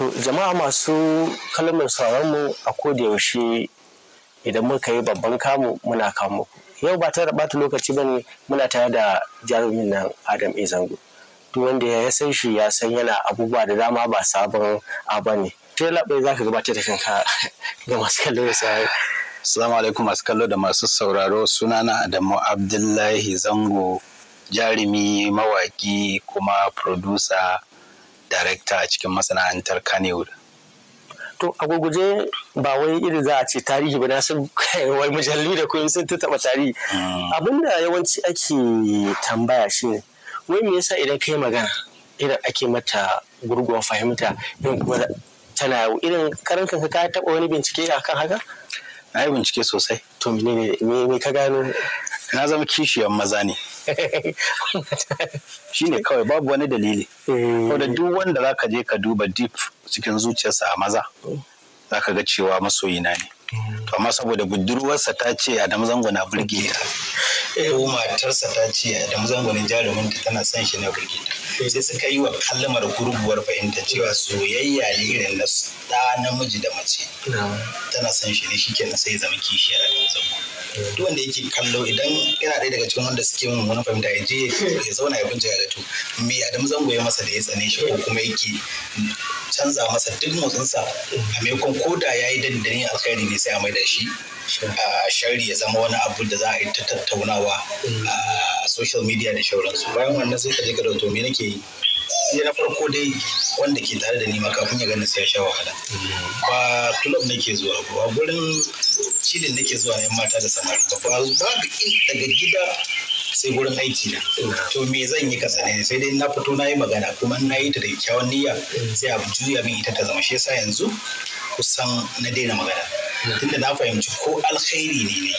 To jama'a masu kalmar sauran mu a koda yaushe idan muka yi babban kamu muna kawo Yau ba ta bata lokaci bane muna tare da jarumin nan Adam Izango Duk wanda ya san shi ya san yana abubuwa da dama ba sabon abu ne. sai bai za ka gabatar da kanka ga masu kallo da sauran. Assalamu alaikum masu kallo da masu sauraro sunana Adamu Abdullahi Zango jarumi mawaki kuma producer darekta a cikin masana'antar kanewood to a guguje ba wai irin za a ce tarihi ba na san wai mujallu da kun sun taɓa tarihi hmm. abinda yawanci ake tambaya shi ne. wai me yasa idan kai magana irin ake mata gurguwar fahimta yin kuma tana irin karan kanka ka taɓa wani bincike akan haka na yi bincike sosai to menene me ka gano na zama kishiyar maza ne Shi ne kawai babu wani dalili eh. da duk wanda za ka je ka duba deep cikin zuciyarsa a maza za ka ga cewa masoyina ne amma saboda budurwarsa ta ce Adamu Zango na burge ta eh matarsa ta ce Adamu Zango ne jarumin ta tana son shi na burge ta sai suka yi wa kalmar gurguwar fahimta cewa soyayya ne irin na da namiji da mace tana son shi ne shikenan sai zama kishi Adamu Zango mm. duk wanda yake kallo idan yana ɗaya daga cikin wanda suke mun wani fahimta ya je ya zauna ya bincika da to me Adamu Zango ya masa da ya tsane shi ko kuma yake canza masa duk motsinsa a mm. maimakon koda ya yi dandani alkhairi ne sai a mai da shi shari ya zama wani abu da za a yi ta tattaunawa mm. a social media da shauransu bayan wannan sai ka je ka dauto me nake yi sai na farko dai wanda ke tare da ni kafin ya gani sai ya sha wahala mm. ba club nake zuwa ba gurin cilin nake zuwa yan mata da samari ba ba daga gida sai gurin aiki na mm. to me zan yi kasa ne sai dai na fito na yi magana kuma na yi ta da kyawun niyya sai a juya min ita ta zama shi yasa yanzu kusan na daina magana tunda na fahimci ko alkhairi ne ne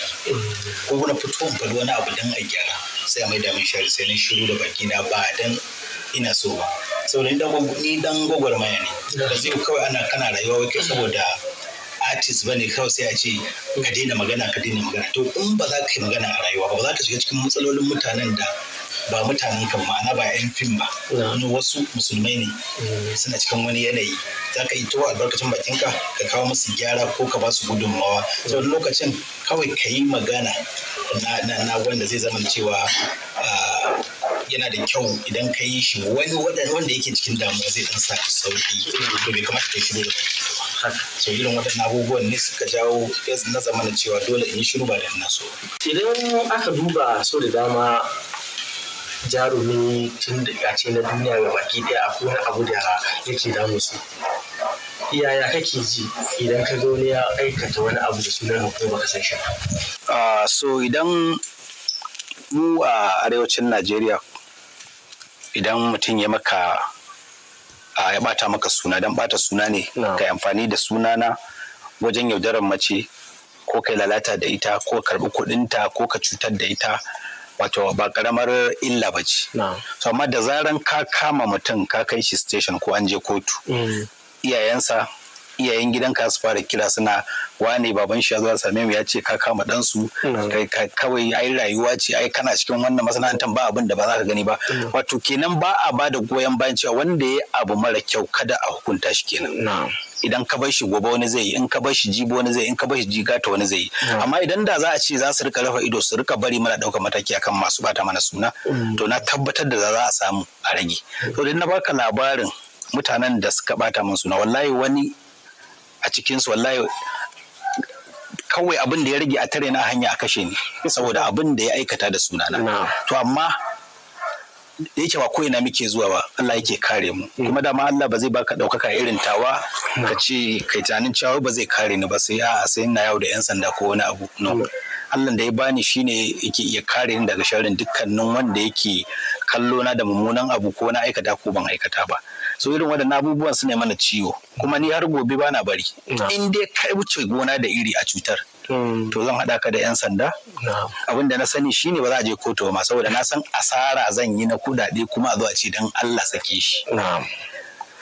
ko na fito in faɗi wani abu don a gyara sai a mai damin shari sai na shiru da baki na ba dan ina so ba saboda ni dan gwagwarmaya ne ba zai kawai ana kana rayuwa wake saboda artist ne kawai sai a ce ka daina magana ka daina magana to in ba za ka yi magana a rayuwa ba ba za ka shiga cikin matsalolin mutanen da ba mutane kan ma'ana ba 'yan fim ba wani wasu musulmai ne mm. suna cikin wani yanayi za ka yi towa albarkacin bakin ka ka kawo musu gyara ko ka ba su gudunmawa wani lokacin kawai ka yi magana na wanda zai zama cewa ah, yana da kyau idan ka yi shi wani wanda yake cikin damuwa zai dan sa sauki to bai kamata ka shiru da so irin waɗannan abubuwan ne suka jawo na zamanin cewa dole in yi shiru ba da na idan aka duba so da dama jarumi tun da ce na duniya ga baki ɗaya akwai wani abu da yake damu su yaya kake ji idan ka wani ya aikata wani abu da sunan hukuma baka san shi so idan mu a arewacin najeriya idan mutum ya maka ya bata maka suna don bata suna ne ka amfani da sunana wajen yaudarar mace ko kai lalata da ita ko karbi kudinta ko ka cutar da ita wato ba karamar illa ba ce so amma da zaran ka kama mutum ka kai shi station ko an je kotu mm. iyayensa iyayen gidan ka su fara kira suna wane baban shi ya zo same mu ya ce ka kama ɗansu kawai ai rayuwa ce ai kana cikin wannan masana'antar ba abin da ba za ka gani ba mm. wato kenan ba a ba da goyon bayan cewa wanda ya abu mara kyau kada a hukunta shi kenan idan ka bar shi gobe wani zai yi in ka bar shi jibo wani zai in ka bar shi ta wani zai yi amma idan da za a ce za su rika rafa ido su rika bari mana ɗaukar mataki akan masu bata mana suna mm. to na tabbatar da za a samu a rage mm. to idan na baka labarin mutanen da suka bata min suna wallahi wani a cikinsu wallahi kawai abin da ya rage a tare na hanya a kashe ni saboda abin da ya aikata da sunana to amma da yake ba ko ina muke zuwa ba Allah yake kare mu kuma dama Allah ba zai baka daukaka irin tawa ka ce kai tunanin cewa ba zai kare ni ba sai a sai ina yau da yan sanda ko wani abu no mm. Allah da ya bani shine yake iya kare ni daga sharrin dukkanin wanda yake kallo na da mummunan abu ko na aikata ko ban aikata ba so irin waɗannan abubuwan su ne mana ciwo kuma ni har gobe bana bari mm. in dai kai wuce gona da iri a cutar to zan haɗa ka da 'yan sanda abin da na sani shine ba za a je kotu ba saboda na san asara zan yi na kuɗaɗe kuma a zo ce dan Allah sake shi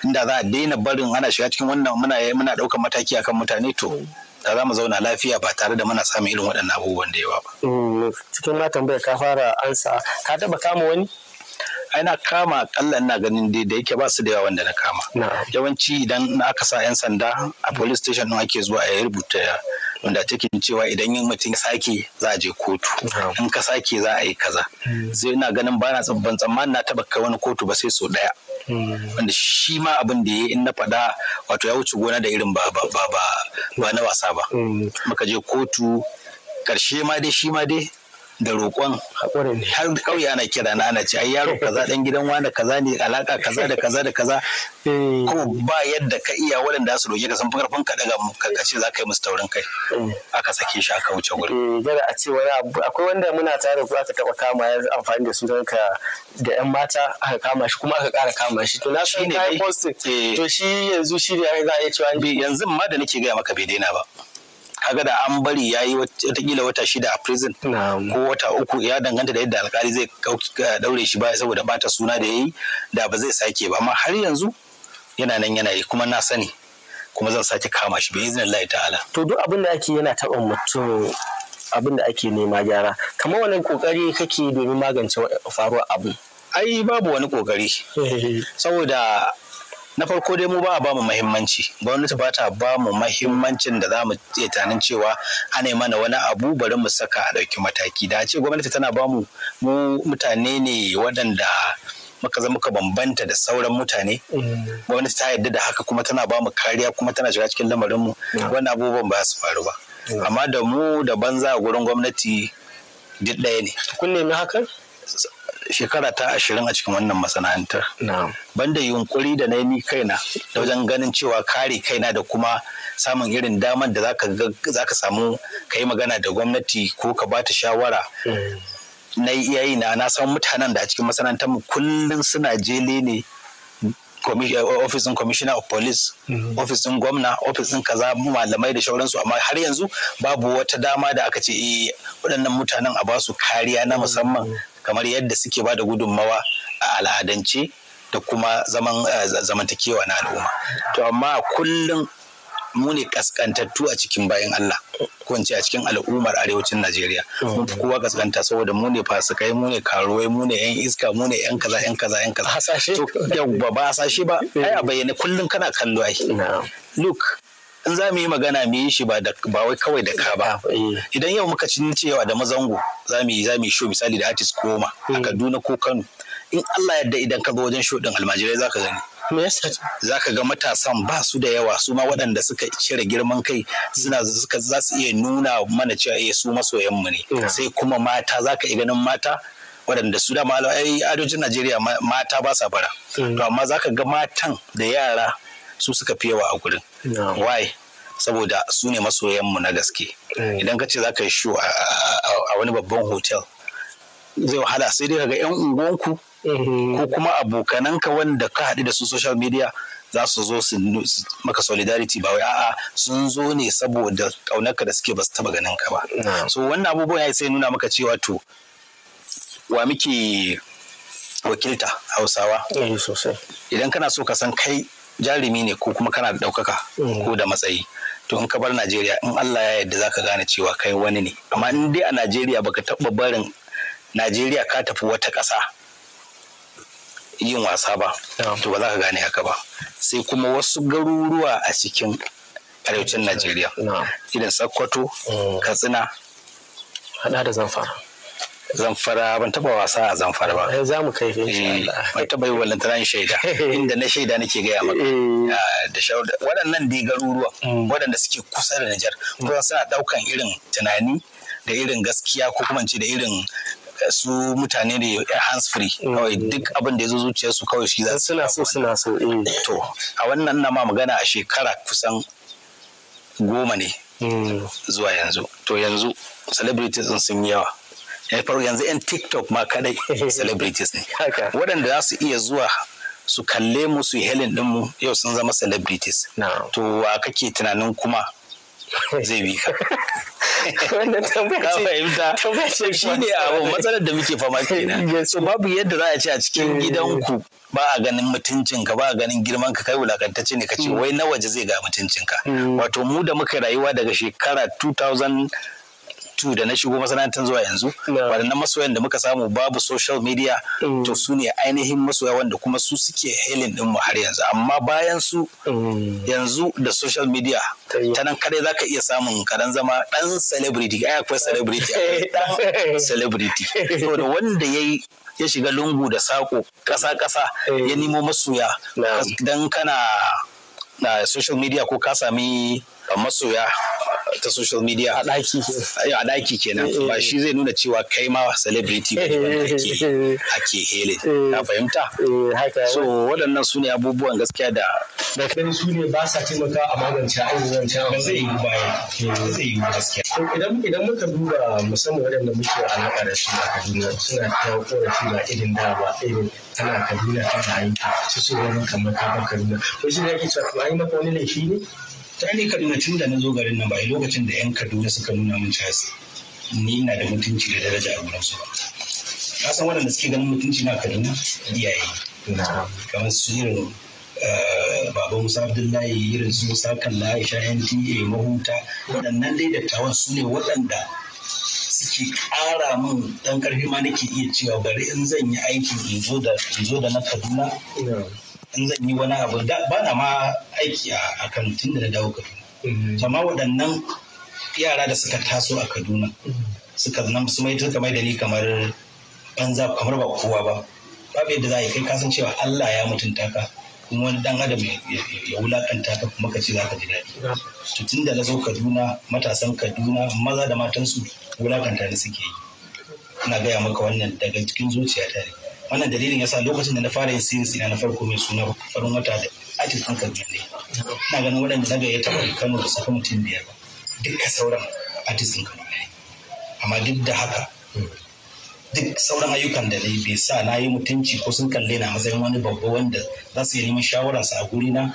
inda za a daina barin ana shiga cikin wannan muna muna ɗaukar mataki akan mutane to da za mu zauna lafiya ba tare da muna samun irin waɗannan abubuwan da yawa ba. Mm, cikin na tambayar ka fara ansa ka taɓa kama wani ai na kama akalla ina ganin dai da yake ba su da yawa wanda na kama yawanci idan aka sa 'yan sanda a police station ɗin ake zuwa a rubuta wanda take cewa idan yin mutum sake za a je kotu in ka sake za a yi kaza zai hmm. na ganin ba na tsabban tsammanin na taba kai wani kotu ba sai so daya hmm. wanda shi ma abin da ya yi in na faɗa wato ya wuce gona da irin ba na wasa ba hmm. muka je kotu karshe ma dai shi ma dai da roƙon har kauye ana kira na ana ce ai yaro kaza dan gidan wani kaza ne alaka kaza da kaza da kaza eh. Ko ba yadda ka iya waɗanda su roƙe ka san karfin ka daga ka ce za ka yi musu taurin kai eh. aka sake shi aka wuce gurin gara eh, a ce wani abu akwai wanda muna tare ku aka taba kama ya amfani da sunan ka da yan mata aka kama shi kuma aka ƙara kama shi to na shi ne to shi yanzu shi ne aka ga ya ce yanzu ma da nake gaya maka bai daina ba kaga da an bari ya yi watakila wata shida a prison ko wata uku ya danganta da yadda alkali zai daure shi baya saboda bata suna da ya yi da ba zai sake ba amma har yanzu yana nan yana yi kuma na sani kuma zan sake kama shi bai izinin Allah ta'ala to duk abin da ake yana taɓa mutum abin da ake nema gyara kamar wannan kokari kake domin magance faruwar abu ai babu wani kokari saboda na farko dai mu ba a ba mu muhimmanci gwamnati ba ta ba mu muhimmancin da za mu iya tunanin cewa ana mana wani abu bari mu saka a ɗauki mataki da ce gwamnati tana ba mu mu mutane ne waɗanda muka zama muka bambanta da sauran mutane mm. gwamnati ta yarda da haka kuma tana ba mu kariya kuma tana shiga cikin lamarin mu wannan abubuwan ba su faru ba amma da mu da banza a gurin gwamnati duk ɗaya ne kun nemi hakan shekara ta ashirin a cikin wannan masana'antar. Banda yunkuri da na yi kaina da wajen ganin cewa kare kaina da kuma samun irin damar da za ka samu ka yi magana da gwamnati ko ka ba ta shawara. Mm. Na yi iyayi na na san mutanen da a cikin masana'antar kullum suna jele ne eh, ofisin commissioner of police mm. ofisin gwamna ofisin kaza malamai da shauransu amma har yanzu babu wata dama da aka ce eh, waɗannan mutanen a basu kariya na musamman mm. kamar yadda suke ba da gudunmawa a al'adance da kuma zaman eh, zamantakewa na al'umma to amma kullum mu ne kaskantattu a cikin bayan Allah ko a cikin al'ummar arewacin Najeriya mun fi kowa kaskanta saboda mu ne fasikai mu ne karuwai mu ne yan iska mu ne yan kaza yan kaza yan kaza hasashe to ba ba hasashe ba ai a bayyane kullum kana kallo ai look in za mu yi magana mu yi shi ba wai kawai da ka ba eh. idan yau muka cin cewa da mazango za mu yi za mu yi show misali da artist koma a hmm. Kaduna ko Kano in Allah yadda idan ka ga wajen show din almajirai ka gani za ka ga matasan ba su da yawa su ma waɗanda suka cire girman kai suna suka za su iya nuna mana cewa eh su masoyan mu ne hmm. sai kuma mata za ka iya ganin mata waɗanda su da ai arewacin Najeriya mata ba sa bara hmm. to amma za ka ga matan da yara su suka fi yawa a gurin why saboda su ne masoyanmu na gaske idan ka ce za ka yi show a wani babban hotel zai wahala sai dai ga yan unguwanku mm-hmm. ko kuma abokananka wanda ka haɗu da su social media za su zo su maka solidarity ba wai a'a sun zo ne saboda ƙaunarka da suke ba su taɓa ganin ka ba so wannan abubuwan ya sai nuna maka cewa to wa muke wakilta hausawa eh, idan kana so ka san kai jarumi ne ko kuma kana da ɗaukaka mm. ko da matsayi to in ka bar Najeriya in Allah ya yarda zaka gane cewa kai wani ne amma in dai a Najeriya baka taɓa barin Najeriya ka tafi wata ƙasa yin wasa ba to ba za ka gane haka ba sai kuma wasu garuruwa a cikin arewacin Najeriya irin Sokoto mm. Katsina hada da Zamfara zamfara ban taba wasa a zamfara ba eh, Za mu kai insha eh, Allah ban taba yi wallan tana shaida inda na shaida nake gaya maka eh. ah, da shaida. waɗannan dai garuruwa mm. waɗanda suke kusa da Nijar kuma mm. suna daukan irin tunani da irin gaskiya ko kuma ce da irin su mutane da hands free mm. kawai duk abin da ya zo zuciyar su kawai shi za su suna so suna so to a wannan na ma magana a shekara kusan goma ne zuwa yanzu to yanzu celebrities sun yi yawa ya faru yanzu 'yan tiktok ma kadai celebrities ne waɗanda za su iya zuwa su kalle mu su helin mu yau sun zama celebrities to wa kake tunanin kuma zai bi ka wannan shi ne abu matsalar da muke fama so babu yadda za a ce a cikin eh. gidanku ba a ganin mutuncin ka ba a ganin girman ka kai wulakantacce ne ka ce mm. wai na waje zai ga mutuncin ka mm. wato mu da muka rayuwa daga shekara 2000 2 da na shigo masana'antar zuwa yanzu waɗannan masoyan da muka samu babu social media mm. to su ne ainihin masoya wanda kuma su suke helin din mu har yanzu amma bayan su mm. yanzu da social media ta nan kare zaka iya samun karan zama ɗan celebrity ai akwai celebrity dan celebrity da wanda yayi ya shiga lungu da sako ƙasa-ƙasa mm. ya nemo masoya dan kana na social media ko ka sami masoya ta social media a ɗaki eh, a ɗaki kenan eh. ba shi zai nuna cewa kai ma celebrity ba ne eh. ake hele na fahimta so waɗannan su ne abubuwan gaskiya da da kai su ne ba sa taimaka a magance abubuwan can ba zai yi ba zai yi gaskiya idan idan muka duba musamman waɗanda muke alaƙa da su a Kaduna suna ta korafi ba irin da ba irin tana Kaduna tana yi su su wani kamar ka ba Kaduna Ko shi ne ake cewa to ai maka wani laifi ne ta kaduna tun da na zo garin nan ba a lokacin da yan kaduna suka nuna mun casa ni ina da mutunci da daraja a wurin su ba ka san waɗanda suke ganin mutunci na kaduna iyaye kamar su irin eh, baba musa abdullahi irin su musa kalla aisha nta mahuta waɗannan dai dattawan su ne waɗanda suke ƙara min ɗan ƙarfi ma nake iya cewa bari in zan yi aikin in zo da na kaduna in zan yi wani abu ba na ma aiki a Kano tun da na dawo Kaduna. Mm-hmm. Amma waɗannan yara da suka taso a Kaduna mm-hmm. suka nan su mai suka mai da ni kamar banza kamar ba kowa ba. Babu yadda za a yi kai kasan cewa Allah ya mutunta ka kuma wani dan adam ya wulakanta ka kuma ka ce za ka ji daɗi. To tun da na zo Kaduna matasan Kaduna maza da matansu wulakanta ne suke yi. Ina gaya maka wannan daga cikin zuciya tare. wannan dalilin yasa lokacin da na fara yin series ina na farko mai suna farin wata da ajin hankali ne ina ganin waɗanda na gayyata ba Kano da saka mutum biyar ba duka sauran artistin Kano ne amma duk da haka duk sauran ayyukan da na yi bai sa na yi mutunci ko sun kalle na matsayin wani babba wanda za su yi neman shawararsa a na?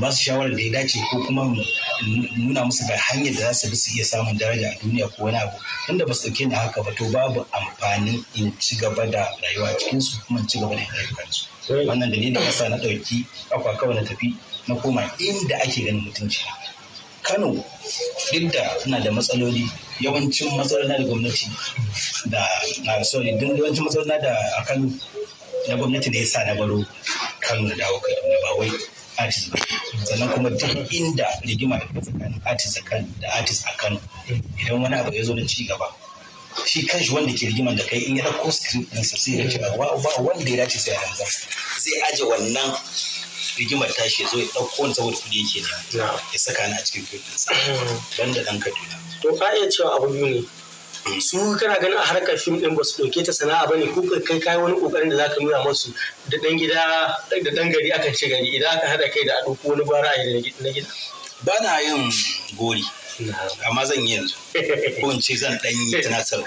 ba su shawarar da ya dace ko kuma nuna musu ga hanyar da za su bi su iya samun daraja a duniya ko wani abu tunda ba su dauke ni haka ba to babu amfani in ci gaba da rayuwa cikin su kuma in ci gaba da rayuwa. su wannan ni da kasa na ɗauki akwa kawai na tafi na koma inda ake ganin mutunci Kano duk da na da matsaloli yawancin na da gwamnati da na sorry duk yawancin na da a Kano na gwamnati ne sa na baro Kano na dawo Kaduna ba wai artist sannan kuma duk inda rigima da tsakanin artist da artist a kano idan wani abu ya zo na ci gaba shi kanshi wanda ke rigima da kai in ya ɗauko din sa sai ya ce ba wanda ya dace sai ya ranzar zai aje wannan rigimar tashi ya zo ya dauko wani saboda kuɗi yake ne ya saka ni a cikin fim sa mm. banda ɗan kaduna. to ka iya cewa abu biyu ne su kana ganin a harkar fim ɗin ba su ɗauke ta sana'a ba ne ko kai kai wani ƙoƙarin da zaka nuna musu da ɗan gida da ɗan gari aka ce gari idan aka haɗa kai da a ɗauko wani gwara a na gida. ba na yin gori amma zan yi yanzu ko in ce zan dan yi tunasar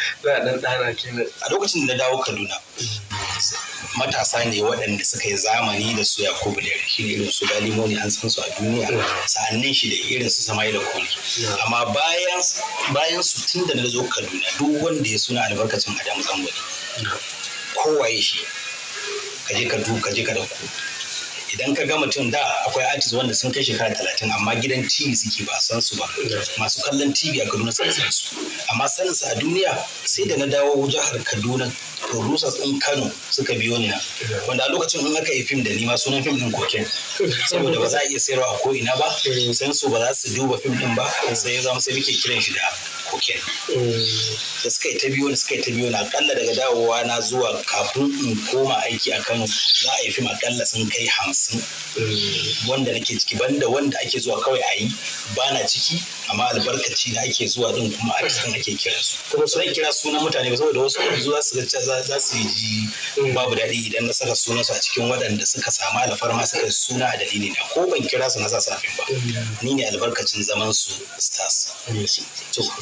a lokacin da na dawo kaduna matasa ne waɗanda suka yi zamani da su yakubu da shi ne irin su ne an san su a duniya sa'annin shi da irin su samai da koli amma bayan bayan su tun da na zo kaduna duk wanda ya suna albarkacin adam ko kowaye shi kaje ka du kaje ka dauko idan ka ga mutum da akwai artist wanda sun kai shekara talatin amma gidan tv suke ba san su ba masu kallon tv a kaduna sun san su amma sanin su a duniya sai da na dawo jihar kaduna producers in kano suka biyo ni na wanda a lokacin in aka yi fim da ni ma sunan fim din koken saboda ba za a iya sayarwa a ko ina ba eh. san su ba za su duba fim din ba sai ya zama sai muke kiran shi da kokin da suka yi ta biyu da suka yi ta biyu na akalla daga dawowa na zuwa kafin in koma aiki a kano za a yi fim akalla sun kai hamsin wanda nake ciki banda wanda ake zuwa kawai a yi ba na ciki amma albarkaci da ake zuwa din kuma a cikin ake kira su kuma su kira sunan mutane ba saboda wasu yanzu zuwa su ga za su ji babu daɗi idan na saka sunan a cikin waɗanda suka samu alfarma suka suna a dalili na ko ban kira su na sa safin ba ni ne albarkacin zaman su stars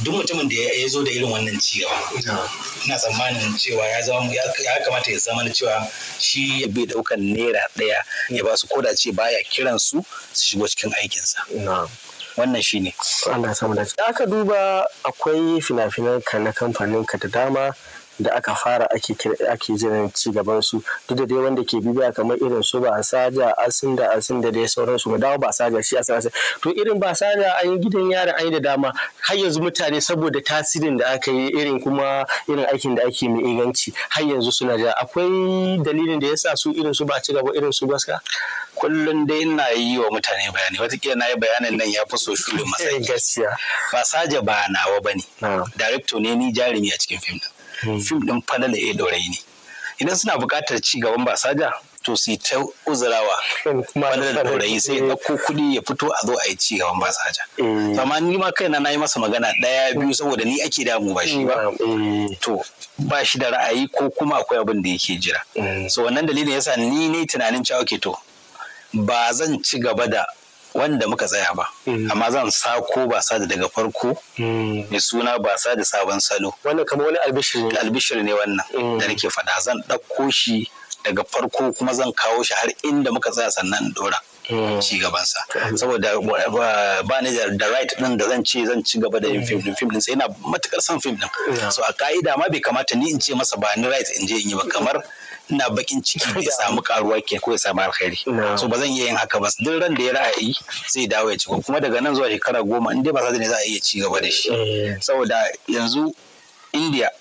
to duk mutumin da ya zo da irin wannan ci gaba ina tsammanin cewa ya zama ya kamata ya zama cewa shi ya bai daukan naira daya ya ba su koda ce baya kiran su su shigo cikin aikinsa wannan shi ne samu aka duba akwai fina-finan ka na kamfanin ka da dama da aka fara ake jiran ci gaban su duk da dai wanda ke bibiya kamar irin su ba saja asin da asin da dai sauransu ba dawo ba saja shi asin asin to irin ba saja an yi gidan yaron an yi da dama har yanzu mutane saboda tasirin da aka yi irin kuma irin aikin da ake mai inganci har yanzu suna da akwai dalilin da yasa su irin su ba ci gaba irin su gaska kullum dai ina yi wa mutane bayani watakila na yi bayanin nan ya fi so shulin eh, masai gaskiya ba saja ba nawa bane director ne ni jarumi a cikin fim din fim ɗin falala ya dorai ne idan suna buƙatar ci gaban ba saja to su ta uzurawa falala da dorai sai ya ɗauko kuɗi ya fito a zo a yi ci gaban ba saja. Eh. amma ni ma kaina na yi masa magana ɗaya biyu saboda ni ake damu ba shi ba eh. to ba shi da ra'ayi ko kuma akwai abin da yake jira eh. so wannan dalilin yasa ni ne tunanin cewa ke to ba zan ci gaba da wanda muka tsaya ba mm. amma zan sako basa da daga farko mm. mai suna basa da sabon salo wannan kamar wani albishir ne albishir ne wannan mm. da nake faɗa zan ɗauko shi daga farko kuma zan kawo shi har inda muka tsaya sannan dora ci gabansa saboda ba ni da right din da zan ce zan ci gaba da yin film din film din sai ina matukar son film din so a ka'ida ma bai kamata ni in ce masa ba ni right in je in yi ba kamar ina bakin ciki ya samu karuwa ke ko ya samu alkhairi so ba zan iya yin haka ba duk ran da ya ra'ayi zai dawo ya ci kuma daga nan zuwa shekara goma in dai ba sa ne za a iya ci gaba da shi eh. saboda yanzu india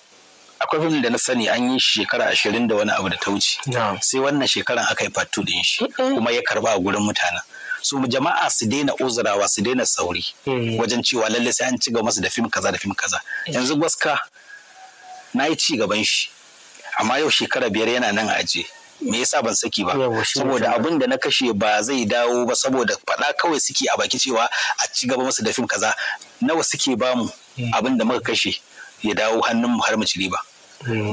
akwai fim da na sani an yi shi shekara ashirin da wani abu da ta wuce sai wannan shekaran aka yi fatu din shi kuma ya karba a gurin mutanen su jama'a su daina uzurawa su daina sauri eh. wajen cewa lallai sai an ci gaba masu da fim kaza da fim kaza eh. yanzu gwaska na yi ci gaban shi amma yau shekara biyar yana nan a aje me yasa ban saki ba saboda abin da na kashe ba zai dawo ba saboda faɗa kawai suke a baki cewa a ci gaba masu da fim kaza nawa suke bamu hmm. abin da muka kashe ya dawo hannun mu har mu ci riba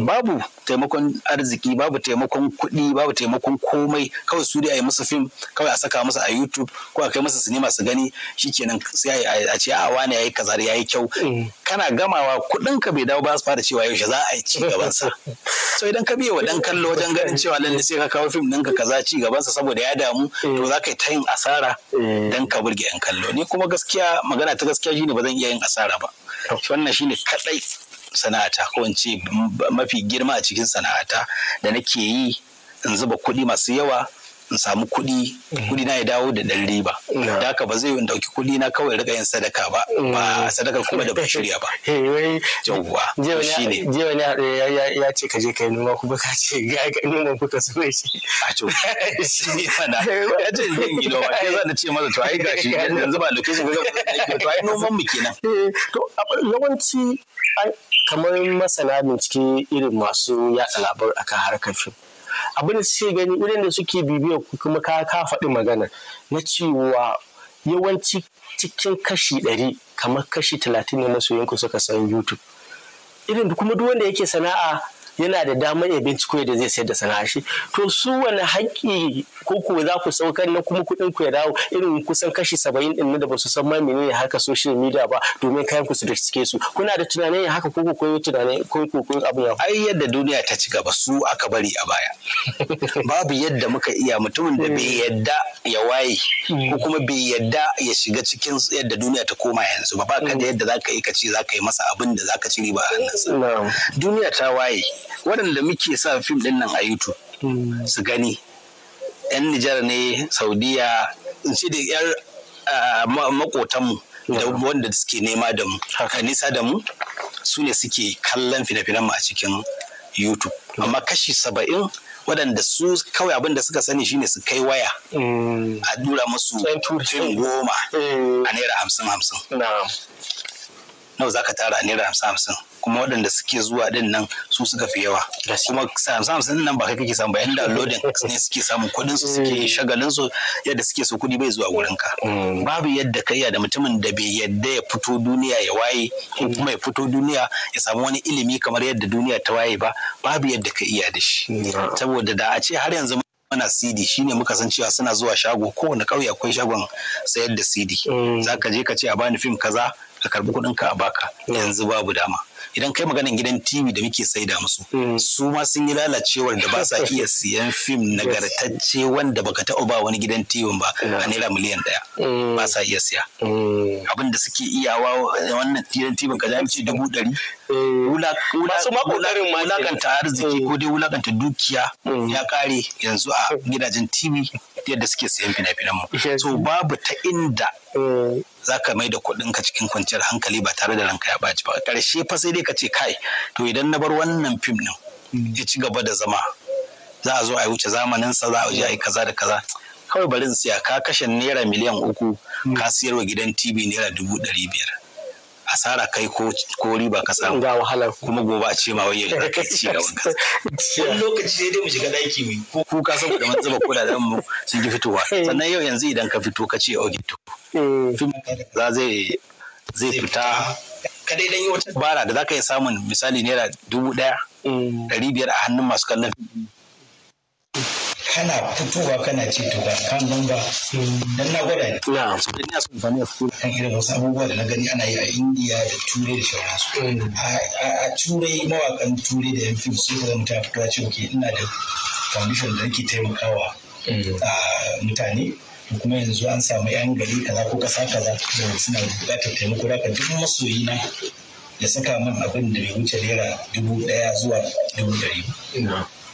babu taimakon arziki babu taimakon kuɗi babu taimakon komai kawai su dai a yi musu fim kawai a saka musu a youtube ko a kai musu sinima su gani shikenan sai a ce a ah, wani yayi kaza da yayi kyau mm. kana gamawa kuɗin ka bai dawo ba su fara cewa yaushe za a yi ci gaban sa so idan ka biye wa dan kallo wajen ganin cewa lalle sai ka kawo fim din ka kaza ci gaban sa saboda ya damu mm. to za ka yi ta yin asara mm. dan ka burge yan kallo ni kuma gaskiya magana ta gaskiya shine ba zan iya yin asara ba wannan shine kadai sana'ata ko in ce mafi girma a cikin sana'ata da nake yi in zuba kuɗi masu yawa in samu kuɗi kuɗi na ya dawo da ɗan riba da mm. haka ba zai in ɗauki kuɗi na kawai riga yin sadaka ba mm. ba sadakar kuma da ba shirya ba jawuwa eh, shi ne jiya wani ya ce ka je kai noma kuma ka ce ga noman kuka so shi a to shi ne mana eh, ya ce zan yi noma ke zan ce masa to ai gashi yanzu ba location ga to ai noman mu kenan eh, to yawanci kamar masana bincike irin masu yaɗa labar akan harkar fim abin da suke gani irin da suke bibiya kuma ka ka faɗi magana na cewa yawanci cikin kashi ɗari kamar kashi talatin ne masoyanku suka san youtube irin kuma duk wanda yake sana'a yana da damar ya binciko da zai sayar da sana'a shi to su wani haƙƙi ko ko za ku saukar na kuma kuɗin ku ya dawo irin kusan kashi saba'in ɗin da ba su san ma ya haka social media ba domin kayan ku su da suke su kuna da tunanin ya haka ko ko yi tunanin ko ko kun ya ai yadda duniya ta ci gaba su aka bari a baya babu yadda muka iya mutumin da bai hmm. yadda ya waye ko hmm. kuma bai yadda ya shiga cikin yadda duniya ta koma yanzu ba ba ka da hmm. yadda za ka yi ka ce za ka yi masa abin da za ka ci riba a hannunsa duniya ta waye waɗanda muke sa fim ɗin nan a YouTube hmm. su gani yan Nijar ne Saudiya in ce da yar makotanmu da wanda suke nema da mu haka nisa da mu su ne suke kallon fina-finan mu a cikin YouTube hmm. amma kashi saba'in waɗanda su kawai abinda suka sani shine su kai waya hmm. a dura masu fim goma a naira hamsin hamsin. Nau za ka tara a naira hamsin hamsin. kuma waɗanda suke zuwa ɗinnan nan su suka fi yawa kuma samun sam nan ba kai kake samu ba yan downloading ne suke samu kuɗin su suke mm. shagalin su yadda suke so kuɗi bai zuwa wurin ka mm. babu yadda kai da mutumin da bai yadda ya fito duniya ya waye mm. kuma ya fito duniya ya samu wani ilimi kamar yadda duniya ta waye ba babu yadda ka iya da shi saboda da a ce har yanzu mana CD shine muka san cewa suna zuwa shago kowane ƙauye akwai shagon sayar da CD zaka je ka ce a bani fim kaza ka karbi kuɗin ka a baka yanzu babu dama idan kai maganin gidan TV da muke saida musu hmm. su ma sun yi lalacewar da ba sa iya siyan fim nagartacce wanda baka taɓa ba wani gidan TV ba a naira miliyan ɗaya hmm. ba sa iya siya hmm. abin da suke iyawa wannan gidan TV ka ce dubu ɗari wulakanta arziki ko dai wulakanta dukiya ya kare yanzu a gidajen TV yadda suke siyan fina-finan mu so babu ta inda za ka mai da kuɗin ka cikin kwanciyar hankali ba tare da ranka ya ɓaci ba ƙarshe fa sai dai ka ce kai to idan na bar wannan fim ɗin hmm. ya ci gaba da zama za a zo a wuce zamanin sa za a je a yi kaza da kaza kawai barin siya ka kashe naira miliyan uku hmm. ka siyarwa gidan tv naira dubu ɗari biyar asara kai ko riba ka samu ga wahala kuma gobe a ce ma wai yau kai ci gaban wanka wani lokaci sai dai mu shiga daki mu ko ku ka saboda mun zuba kula da mu sun ji fitowa eh. sannan yau yanzu idan ka fito ka ce ogito eh. za zai zai fita kadai dan yi wata bara da zaka yi samun misali naira dubu daya eh. ɗari biyar a hannun masu kallon kana fitowa kana ce to ba kan nan ba dan na gwada ne na so da ina so amfani da su kan irin wasu abubuwa da na gani ana yi a Indiya da Turai da su. a Turai mawakan Turai da yanfi su sai mutum ta fito ce ke ina da foundation da nake taimakawa mm. mutane kuma yanzu an samu yan gari kaza ko kasa kaza suna buƙatar taimako da ka duk masoyi na ya saka min abin da bai wuce naira dubu ɗaya zuwa dubu ɗari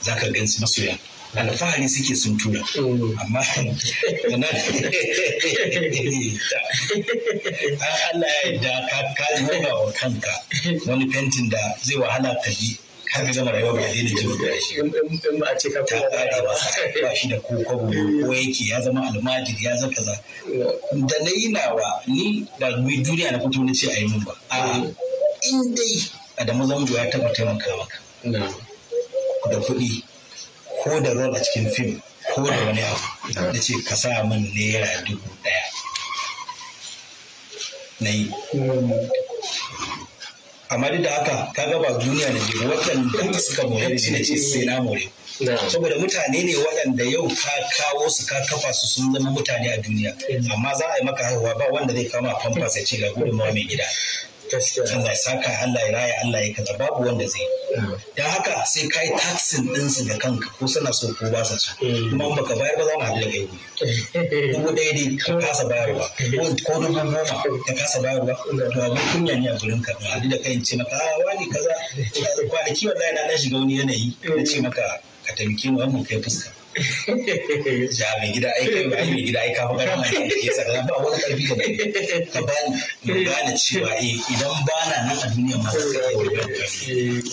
za ka gan su masoyan alfahari suke sun tura amma wannan Allah ya ka ka zuba wa kanka wani fentin da zai wahala ka yi har ka zama rayuwa ba daina jin da shi ta kare ba ba shi da ko ko yake ya zama almajiri ya zaka za da na yi nawa ni ba duniya na kutu na ce a yi mun ba a in dai Adamu Zango ya taɓa taimaka maka da kuɗi ko da rol a cikin fim ko da wani abu da ce ka sa min naira dubu daya na yi amma duk da haka ka gaba duniya na biyu waɗanda suka more ne na ce sai na more saboda mutane ne waɗanda yau ka kawo su ka kafa su sun zama mutane a duniya amma za a yi maka haihuwa ba wanda zai kama famfa sai ce ga gudunmawa mai gida Allah ya saka Allah ya raya Allah ya kaza babu wanda zai hmm. dan haka sai kai taxin su da kanka ko suna so ko ba su so hmm. kuma baka bayar ba za mu haɗu yi kai dubu ɗaya dai ka kasa bayarwa ko dubu goma ka kasa bayarwa to abin kunya ne a gurin ka ba da kai ce maka a ah, wani kaza kwanaki wallahi na dan shiga wani yanayi na ce maka ka taimake mu amma kai fuska Ya mai gida aiki kai ai mai gida ai ka karama ne ke tsaka ba wani karfi ka ka bani mu gane cewa eh idan ba na nan a duniya ma sai ka yi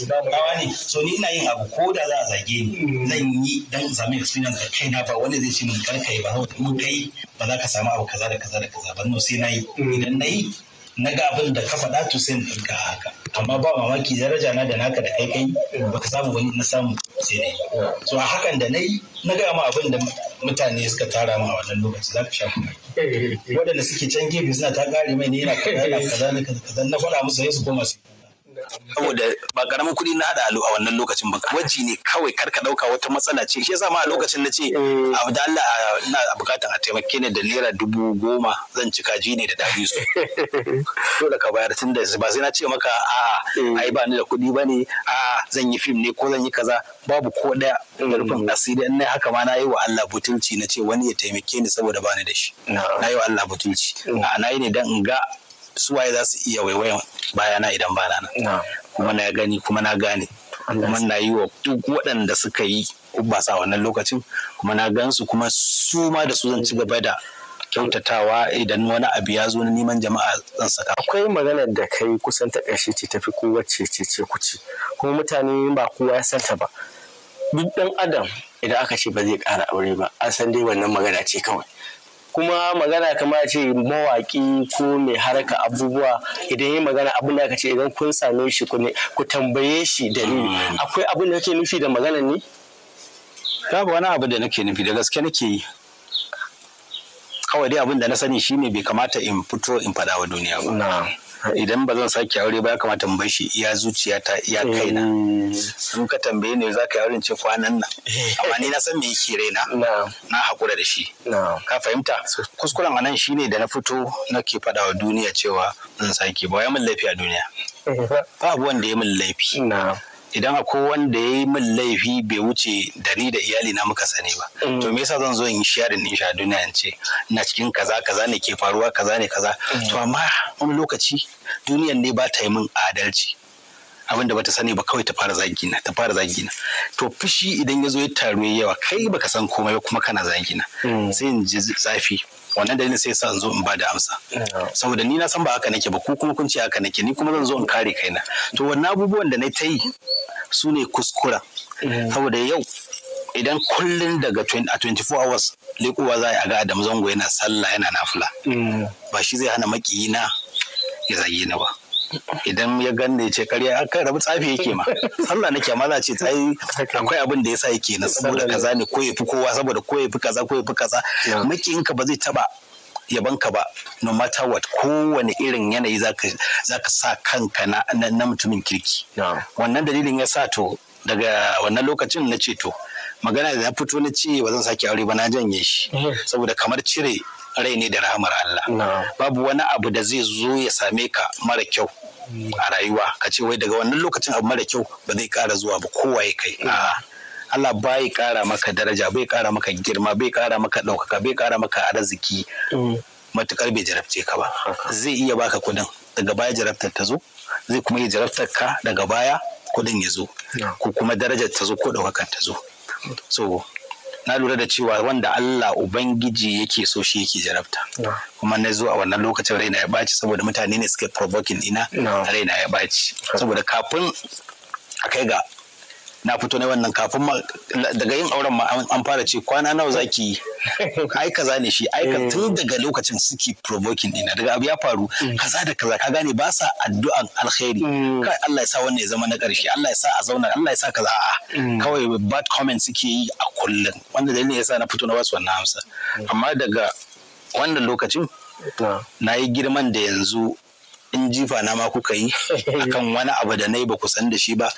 wani so ni ina yin abu ko da za a zage ni zan yi dan sami experience da kaina ba wanda zai ce min karkai ba mu kai ba za ka samu abu kaza da kaza da kaza ba no sai nayi idan na yi na ga abin da ka faɗa to sai mu ga haka amma ba mamaki daraja na da naka da aikai baka samu wani na samu sai dai so a hakan da na yi na ga ma abin da mutane suka tara mu a wannan lokaci za ka sha wadanda waɗanda suke can gefe suna ta kare mai ne yana kaza kaza na faɗa musu sai su koma su saboda ba karamin kuɗi na hada a wannan lokacin ba waji ne kawai karka ɗauka wata matsala ce shi yasa ma a lokacin na ce eh. abdallah ina na bukatan a taimake ni da naira dubu goma zan cika jini ne da dari su dole ka bayar tun da ba sai na ce maka a eh. ai ba ni da kuɗi ba ne a'a zan yi fim ne ko zan yi kaza babu ko ɗaya mm. rufin asiri in haka ma na yi wa Allah butulci na ce wani ya taimake ni saboda ba ni da shi na yi wa Allah butulci mm. na yi ne dan in ga Su waye za su iya waiwayan bayana idan ba na kuma na gani kuma na gane kuma na yi wa duk waɗanda suka yi ubbasa wannan lokacin kuma na gansu kuma su ma da su zan ci gaba da kyautatawa idan wani abu ya zo na neman jama'a zan saka. Akwai maganar da kai kusan ta ƙarshe ce tafi kowace ce ce kuci kuma mutane ba kowa ya santa ba. Duk ɗan adam idan aka ce ba zai ƙara aure ba an san dai wannan magana ce kawai. kuma magana kamar ce mawaki ko mai harka abubuwa idan yi magana abin da aka ce idan kun same shi ku tambaye shi dalili mm. akwai abin da kake nufi da magana ne babu wani abu da nake nufi da gaske nake yi kawai dai abin da na sani shi ne bai kamata in fito in faɗa wa duniya ba idan ba zan sake aure ba ya kamata in bar shi iya ta iya eh. kaina sun ka tambaye ne za ka yi ce kwanan nan eh. amma ni na san me yake raina na hakura da shi ka fahimta kuskuren anan shine da na fito nake faɗa wa duniya cewa zan sake ba ya mun laifi a duniya eh. babu wanda ya mun laifi idan akwai wanda ya yi min laifi bai wuce dari da iyali na muka sani ba mm. to me yasa zan zo in share din sha duniya in ce ina cikin kaza kaza ne ke faruwa kaza ne kaza mm. to amma wani lokaci duniyan ne ba ta yi min adalci abin da bata sani ba kawai ta fara zagina ta fara zagina to fushi idan ya zo ya taru yawa kai baka san komai ba kuma kana zagina mm. sai in ji zafi wannan dalilin sai sa in zo in ba da amsa saboda ni na san ba haka nake ba ko kuma kun ce haka nake ni kuma zan zo in kare kaina to wannan abubuwan da na ta yi su ne kuskura mm. saboda yau idan kullun daga a 24 hours lekowa za a ga Adam Zango yana sallah yana nafula mm. ba shi zai hana makiyina ya zage ni ba idan ya ganne ce karya kan rabu tsafi yake ma sallah na ma za ce yi akwai abin da yasa yake na saboda kaza ne ko fi kowa saboda ko ya fi kaza ko ya fi kaza makinka ba zai taba ka ba no matter what kowane irin yanayi zaka sa kanka na mutumin kirki wannan dalilin ya sa to daga wannan lokacin na ce to magana da ya fito na ce ba zan sake aure ba na janye shi saboda kamar cire rai ne da rahamar Allah babu wani abu da zai zo ya same ka mara kyau a rayuwa ka ce wai daga wannan lokacin abu mara kyau ba zai kara zuwa ba kowa ya kai mm. Allah bai kara maka daraja bai kara maka girma bai kara maka ɗaukaka bai kara maka arziki mm. matukar bai jarabce ka ba zai iya baka kuɗin daga baya jarabtar ta zo zai kuma iya jarabtar ka daga baya kuɗin ya zo ko kuma darajar ta zo ko ɗaukakar ta zo so na lura da cewa wanda Allah Ubangiji yake so shi yake jarabta kuma na a wannan lokacin raina ya ɓaci saboda mutane ne suka provoking ina raina ya ɓaci saboda kafin a kai ga na fito na wannan kafin daga yin auren ma an fara ce kwana nawa zaki yi ai kaza ne shi ai mm. tun daga lokacin suke provoking ina daga abu ya faru mm. kaza da kaza ka gane ba sa addu'an alkhairi mm. kai Allah ya sa wannan ya zama na karshe Allah ya sa a zauna Allah ya sa kaza a kawai bad comment suke yi a kullum wanda dalilin yasa na fito na basu wannan amsa mm. amma daga wannan lokacin na yi girman da yanzu in jifa na ma kuka yi akan wani abu da na yi ba ku san da shi ba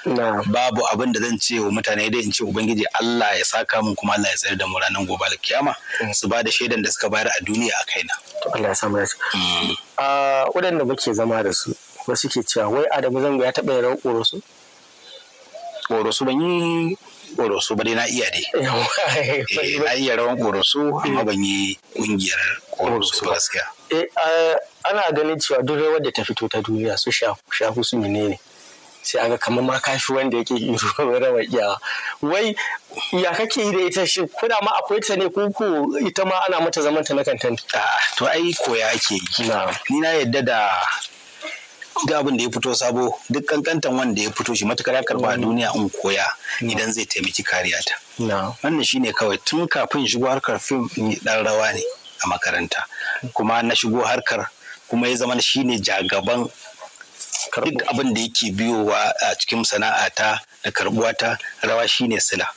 babu abin da zan ce wa mutane dai in ce ubangiji Allah ya saka mun kuma Allah ya tsare da mu ranar gobe kiyama mm. su ba da shaidan da suka bayar a duniya a kaina to Allah ya samu mm. ah, a muke zama da su wasu ke cewa wai Adamu zango ya taɓa su orosu su ban yi ƙorosu ba dai na iya dai eh, na iya rawan ƙorosu amma ban yi ƙungiyar ƙorosu ba gaskiya eh, eh, ana ganin cewa duk rawar da ta fito ta duniya su shafu su menene sai aga kamar ma kafi wanda yake rawa iyawa wai ya kake yi da ita shi kuna ma akwai ta ne ko ita ma ana mata zamanta na kantanta ah, to ai koya ake yi ni na yadda da duk abin da ya fito sabo duk kankantan wanda ya fito shi matukar ya karba a mm. duniya in koya mm. idan zai taimaki kariya ta wannan shine kawai tun kafin shigo harkar fim dan rawa ne a makaranta kuma na shigo harkar kuma ya zama shine jagaban duk abin da yake biyowa a cikin sana'a ta da karbuwa ta rawa shine sila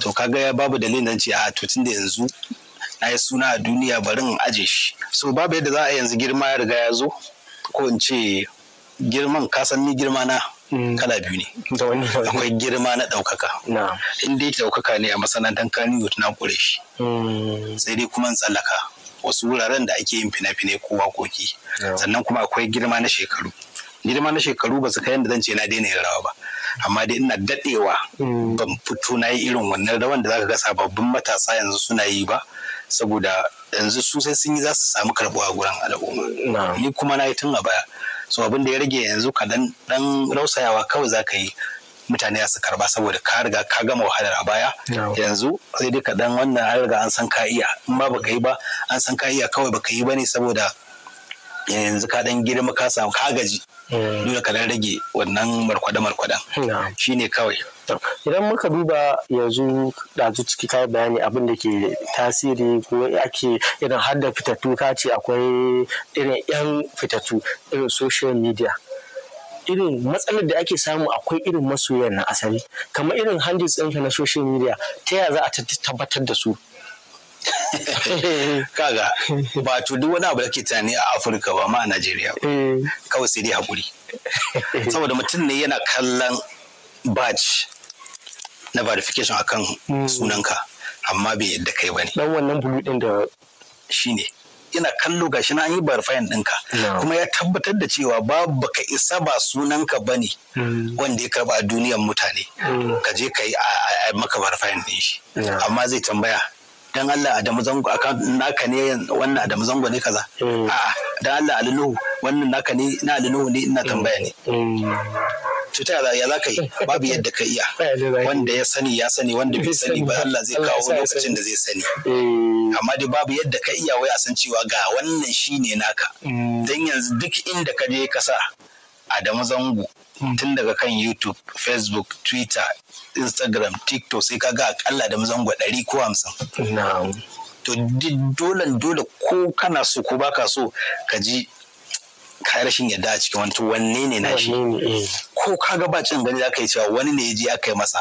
to kaga ya babu dalilin ce a to tun da yanzu na yi suna a duniya barin aje shi so babu yadda za a yanzu girma ya riga ya zo ko in ce girman kasan ni girma na mm. kala biyu ne akwai girma na ɗaukaka Inda dai ɗaukaka ne a masana'antar kaniyot na ƙure shi mm. sai dai kuma tsallaka wasu wuraren da ake yin fina-finai ko wakoki sannan kuma akwai girma na shekaru girma na shekaru ba su kai yadda zan ce na daina rawa ba amma dai ina daɗewa mm. ban fito na yi irin wannan rawan da zaka ga sababbin matasa yanzu suna yi ba saboda yanzu su sai sun yi za su samu karɓuwa gurin al'umma ni kuma na yi tun a baya so abin da ya rage yanzu ka dan dan rausayawa kawai za ka yi mutane su karba saboda ka riga ka gama wahalar a baya yanzu sai dai ka dan wannan an riga an san ka iya in ba baka yi ba an san ka iya kawai baka yi ba ne saboda yanzu ka dan girma ka samu ka gaji hmm. dole ka dan rage wannan markwada markwada shine kawai idan muka duba yanzu ɗazu ciki kai bayani abin da ke tasiri ko ake irin har da fitattu ka ce akwai irin yan fitattu irin social media irin matsalar da ake samu akwai irin masoyan na asali kamar irin hundreds ɗinka na social media ta yaya za a tabbatar da su kaga ba to duk wani abu da ke tunani a afirka ba ma a najeriya ba? Mm. kawai sai dai hakuri. saboda mutum ne yana kallon badge na verification akan mm. sunanka amma bai yadda kai bane dan wannan bulu din da shine yana kallo gashi an yi barfayan ɗinka kuma ya tabbatar da cewa babu baka isa ba sunanka bane mm. wanda ya karba a duniyar mutane ka je ka yi a maka barfayan ɗin shi amma zai tambaya dan Allah Adamu Zango kan naka ne wannan Adamu Zango ne kaza mm. a'a dan Allah Alinuhu wannan naka ne na Alinuhu ne ina tambaya ne cuta mm. mm. ya za ka yi babu yadda ka iya wanda ya sani ya sani wanda bai sani ba Allah zai kawo lokacin da zai sani amma dai babu yadda ka iya wai a san cewa ga wannan shine naka dan yanzu duk inda ka je ka sa Adamu Zango tun daga kan YouTube, Facebook, Twitter, instagram tiktok sai ka ga akalla da mazango ɗari ko hamsin to dole dole ko kana so ko ba ka so ka ji ka rashin yadda a cikin wani wanne ne na shi eh. ko ga ba can gani za ka yi cewa wani ne ya je aka yi masa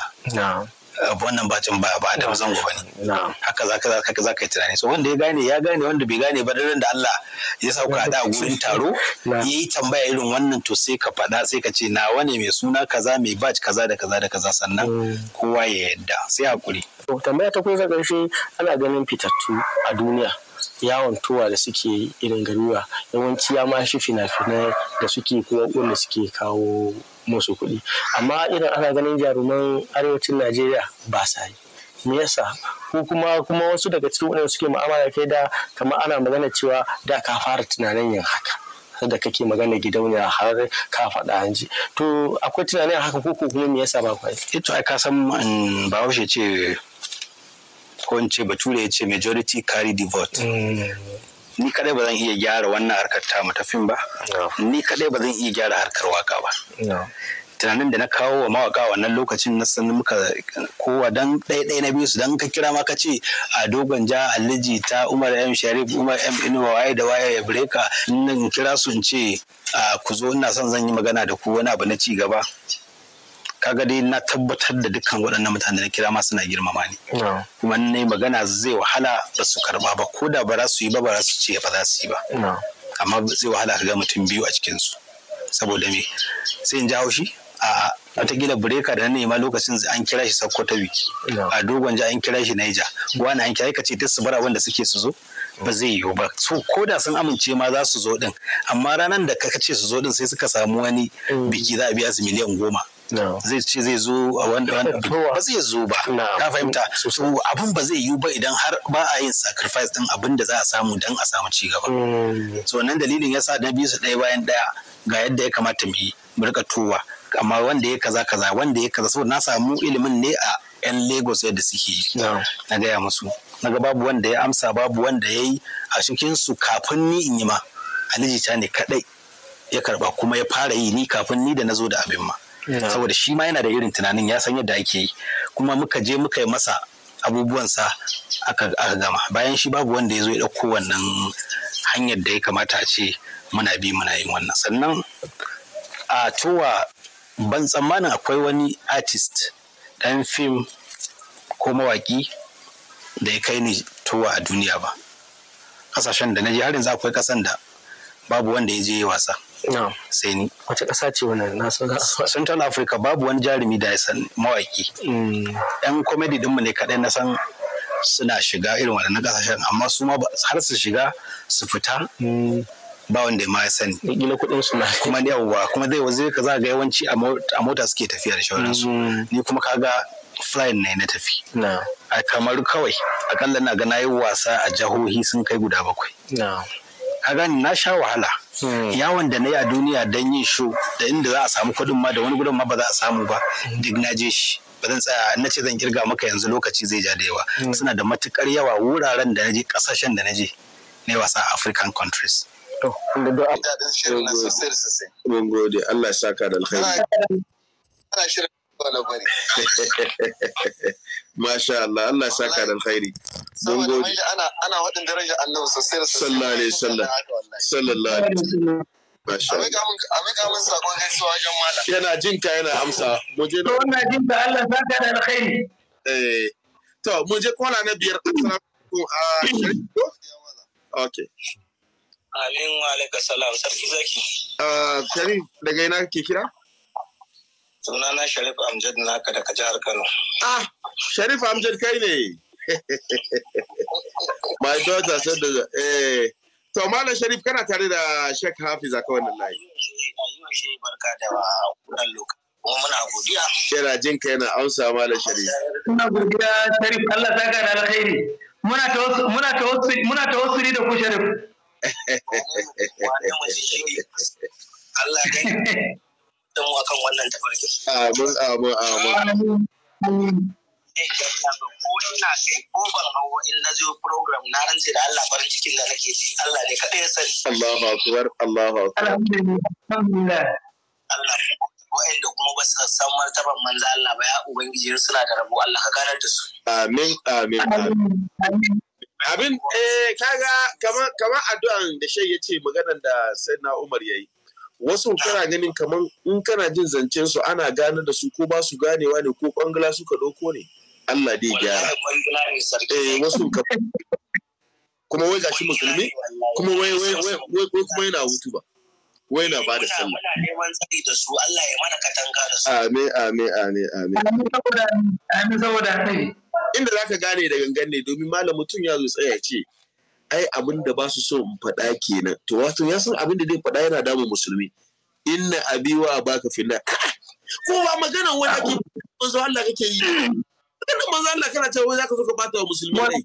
wannan bacin ba ba da zango ne haka zaka zaka zaka yi tunani so wanda ya gane ya gane wanda bai gane ba da Allah ya sauka da gurin taro yayi tambaya irin wannan to sai ka faɗa sai ka ce na wane mai suna kaza mai bac kaza da kaza da kaza sannan mm. kowa ya yadda sai hakuri tambaya ta kuma ta shi ana ganin fitattu a duniya yawon tuwa da suke irin garuwa yawanci ya ma shi fina-finai da suke kuma da suke kawo musu kuɗi amma irin ana ganin jaruman arewacin najeriya ba sa yi me yasa ko kuma kuma wasu daga cikin waɗanda suke mu'amala kai da kamar ana magana cewa da ka fara tunanin yin haka da kake magana gidauniya har ka faɗa an ji to akwai tunanin haka ko ko kuma me yasa ba kwai ito eh ai ka san mm, bahaushe ce ko in ce bature ya ce majority carry the vote mm. ni kadai ba zan iya gyara wannan harkar tamu ta fim ba ni kadai ba zan iya gyara harkar waka ba tunanin da na kawo wa mawaka wannan lokacin na sanin muka kowa dan ɗaya na biyu su dan ka kira ma ka ce a dogon ja aliji ta umar m sharif umar m inuwa waye da waye ya breka Nan kira su in ce ku zo ina son zan yi magana da ku wani abu na ci gaba kaga dai na tabbatar da dukkan waɗannan mutane da kira masu na girmama ni kuma ne magana zai wahala ba su karba ba ko da ba za su yi ba ba za su ce ba za su yi ba amma zai wahala ka ga mutum biyu a cikin su saboda me sai in ji haushi a watakila bureka da nema lokacin an kira shi sakko ta biki a dogon ji an kira shi naija wani an kira ka ce su bara wanda suke su zo ba mm. zai yiwu ba so ko da sun amince ma za su zo din amma ranar da ka ce su zo din sai suka samu wani mm. biki za a biya su miliyan goma zai ce zai zo a wanda ba zai zo ba ka fahimta so abun ba zai yiwu ba idan har ba a yin sacrifice din abin da za a samu dan a samu ci gaba mm. so nan dalilin yasa na biyu su ɗaya bayan ɗaya ga yadda ya kamata mu yi mu rika tuwa amma wanda ya kaza kaza wanda ya kaza saboda na samu ilimin ne a yan Lagos yadda suke yi na gaya musu naga babu wanda ya amsa babu wanda ya yi a cikin su kafin ni in yi ma Aliji ta ne kadai ya karba kuma ya fara yi ni kafin ni da na zo da abin ma. saboda shi ma yana da irin tunanin ya san yadda ake yi kuma muka je muka yi masa abubuwansa aka gama bayan shi babu wanda ya zo ya ɗauko wannan hanyar da ya kamata a ce muna bi muna yin wannan sannan a towa ban tsammanin akwai wani artist ɗan fim ko mawaƙi da ya kai ni towa a duniya ba ƙasashen da na je har yanzu akwai ƙasan da babu wanda ya je wasa sai ni wace ƙasa ce wannan na san Central Africa babu wani jarumi da ya san mawaki hmm. yan comedy dinmu ne kaɗai na san suna shiga irin waɗannan kasashen. amma su ma har su shiga su fita hmm. ba wanda ma ya sani gina kuɗin su kuma yawwa kuma zai wanzu ka za ga yawanci a mota suke tafiya da shauransu hmm. ni kuma kaga flying ne na tafi a kamar kawai akalla na ga na yi wasa a jahohi sun kai guda bakwai ka gani na sha wahala Hmm. yawon da na yi a duniya don yin sho da inda za a samu kudin ma da wani gudun ma ba za a samu ba duk na je shi ba zan tsaya na ce zan kirga maka yanzu lokaci zai ja da yawa hmm. suna da matukar yawa wuraren da na je kasashen da na je ne wasa African countries. Masha Allah, Allah sa ka dan alkhairi. Mun gode. Ana wadin daraja sallallahu alaihi wasallam. Sallallahu alaihi wasallam. Masha Allah. Amin ga mun sakon gaisuwa wajen mala. Yana jin ka yana amsa. je to wannan jin ka Allah sa ka dan Eh. To, mun je kola na biyar. Assalamu alaikum. Okay. Amin wa alaika salam. Sarki zaki. Ah, Karim, daga ina kake kira? Sunana Sharif Amjad naka daga jihar Kano. Ah, Sharif Amjad kai ne. My daughter said da eh to Malam Sharif kana tare da Sheikh Hafiz aka wannan layi. Ayyushe barka da wannan lokaci. Kuma muna godiya. Yana jin kai na amsa Malam Sharif. Muna godiya Sharif Allah saka da alkhairi. Muna ta wasu ta muna ta wasuri da ku Sharif. Allah ya da mu akan wannan tafarkin. Amin, amin, amin. ko ina kai ko ban hawa in na zo program na rantse da Allah farin cikin da nake ji Allah ne kaɗai ya sani. Allahu akbar Allahu akbar. Alhamdulillah. Allah wa'anda kuma ba su san martaban manzo Allah ba ya ubangiji suna da rabo Allah ka ganar da su. Amin amin amin. Abin eh kaga kamar addu'an da shi ya ce maganar da sai na Umar ya yi. wasu kana ganin kamar in kana jin zancen su ana gane da su ko ba su ganewa ne ko kwangila suka doko ne Allah dai gyara eh wasu ka kuma wai gashi musulmi kuma wai wai wai kuma yana hutu ba wai na ba da sallah muna neman tsari da su Allah ya mana katanga da su amin amin amin amin amin saboda kai inda zaka gane da gangan ne domin malam mutum ya zo tsaya ce ai abin da ba su so in faɗa kenan to wato ya san abin da zai faɗa yana damun musulmi inna abiwa wa baka finna ko ba magana wani ake manzo Allah kake yi magana manzo Allah kana cewa wai zaka zo ka bata wa musulmi ne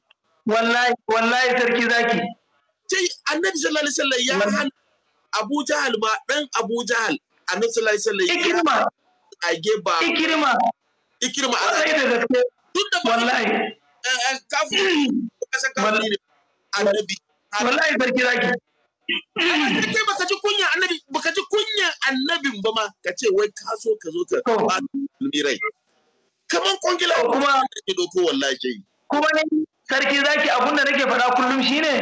wallahi wallahi sarki zaki sai annabi sallallahu alaihi wasallam ya Abu Jahal ma dan Abu Jahal annabi sallallahu alaihi wasallam ikirma age ba ikirma ikirma Allah da gaske tun da wallahi kafin eh, kasan eh, kafin ne annabi wallahi sarki zaki kai baka ji kunya annabi baka ji kunya annabin ba ma ka ce wai ka so ka zo ka ba musulmi rai kaman kongila kuma ke doko wallahi kuma ne sarki zaki abun da nake faɗa kullum shine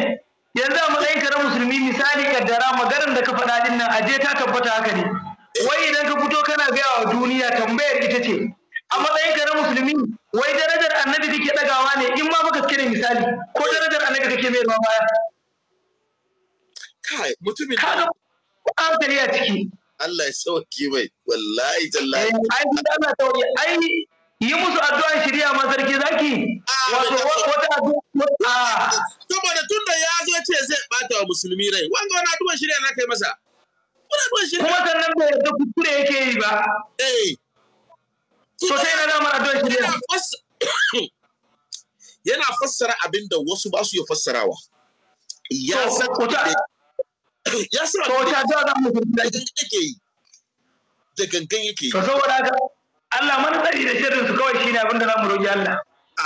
yanzu a matsayin ka musulmi misali kaddara maganar da ka faɗa din nan aje ta tabbata haka ne eh. wai idan ka fito kana gaya wa duniya tambayar ita ce a matsayin ka na musulmi wai darajar annabi kake dagawa ne in ma baka kire misali ko darajar annabi kake mai ruwa baya kai mutumin kaga an tare a ciki Allah ya sauke mai wallahi tallahi eh, ai Allah ta wuce ai yi musu addu'an shirya ma sarki zaki wato wata addu'a saboda tunda ya zo ce zai bata wa musulmi rai wanga wani addu'a shirya na kai masa kuma sannan bai yadda kuskure yake yi ba eh yana fassara abin da wasu ba su yi fassarawa ya san ya san abin da yake yi da gangan yake yi to saboda Allah mana tsari da shirin su kawai shine abin da zamu roki Allah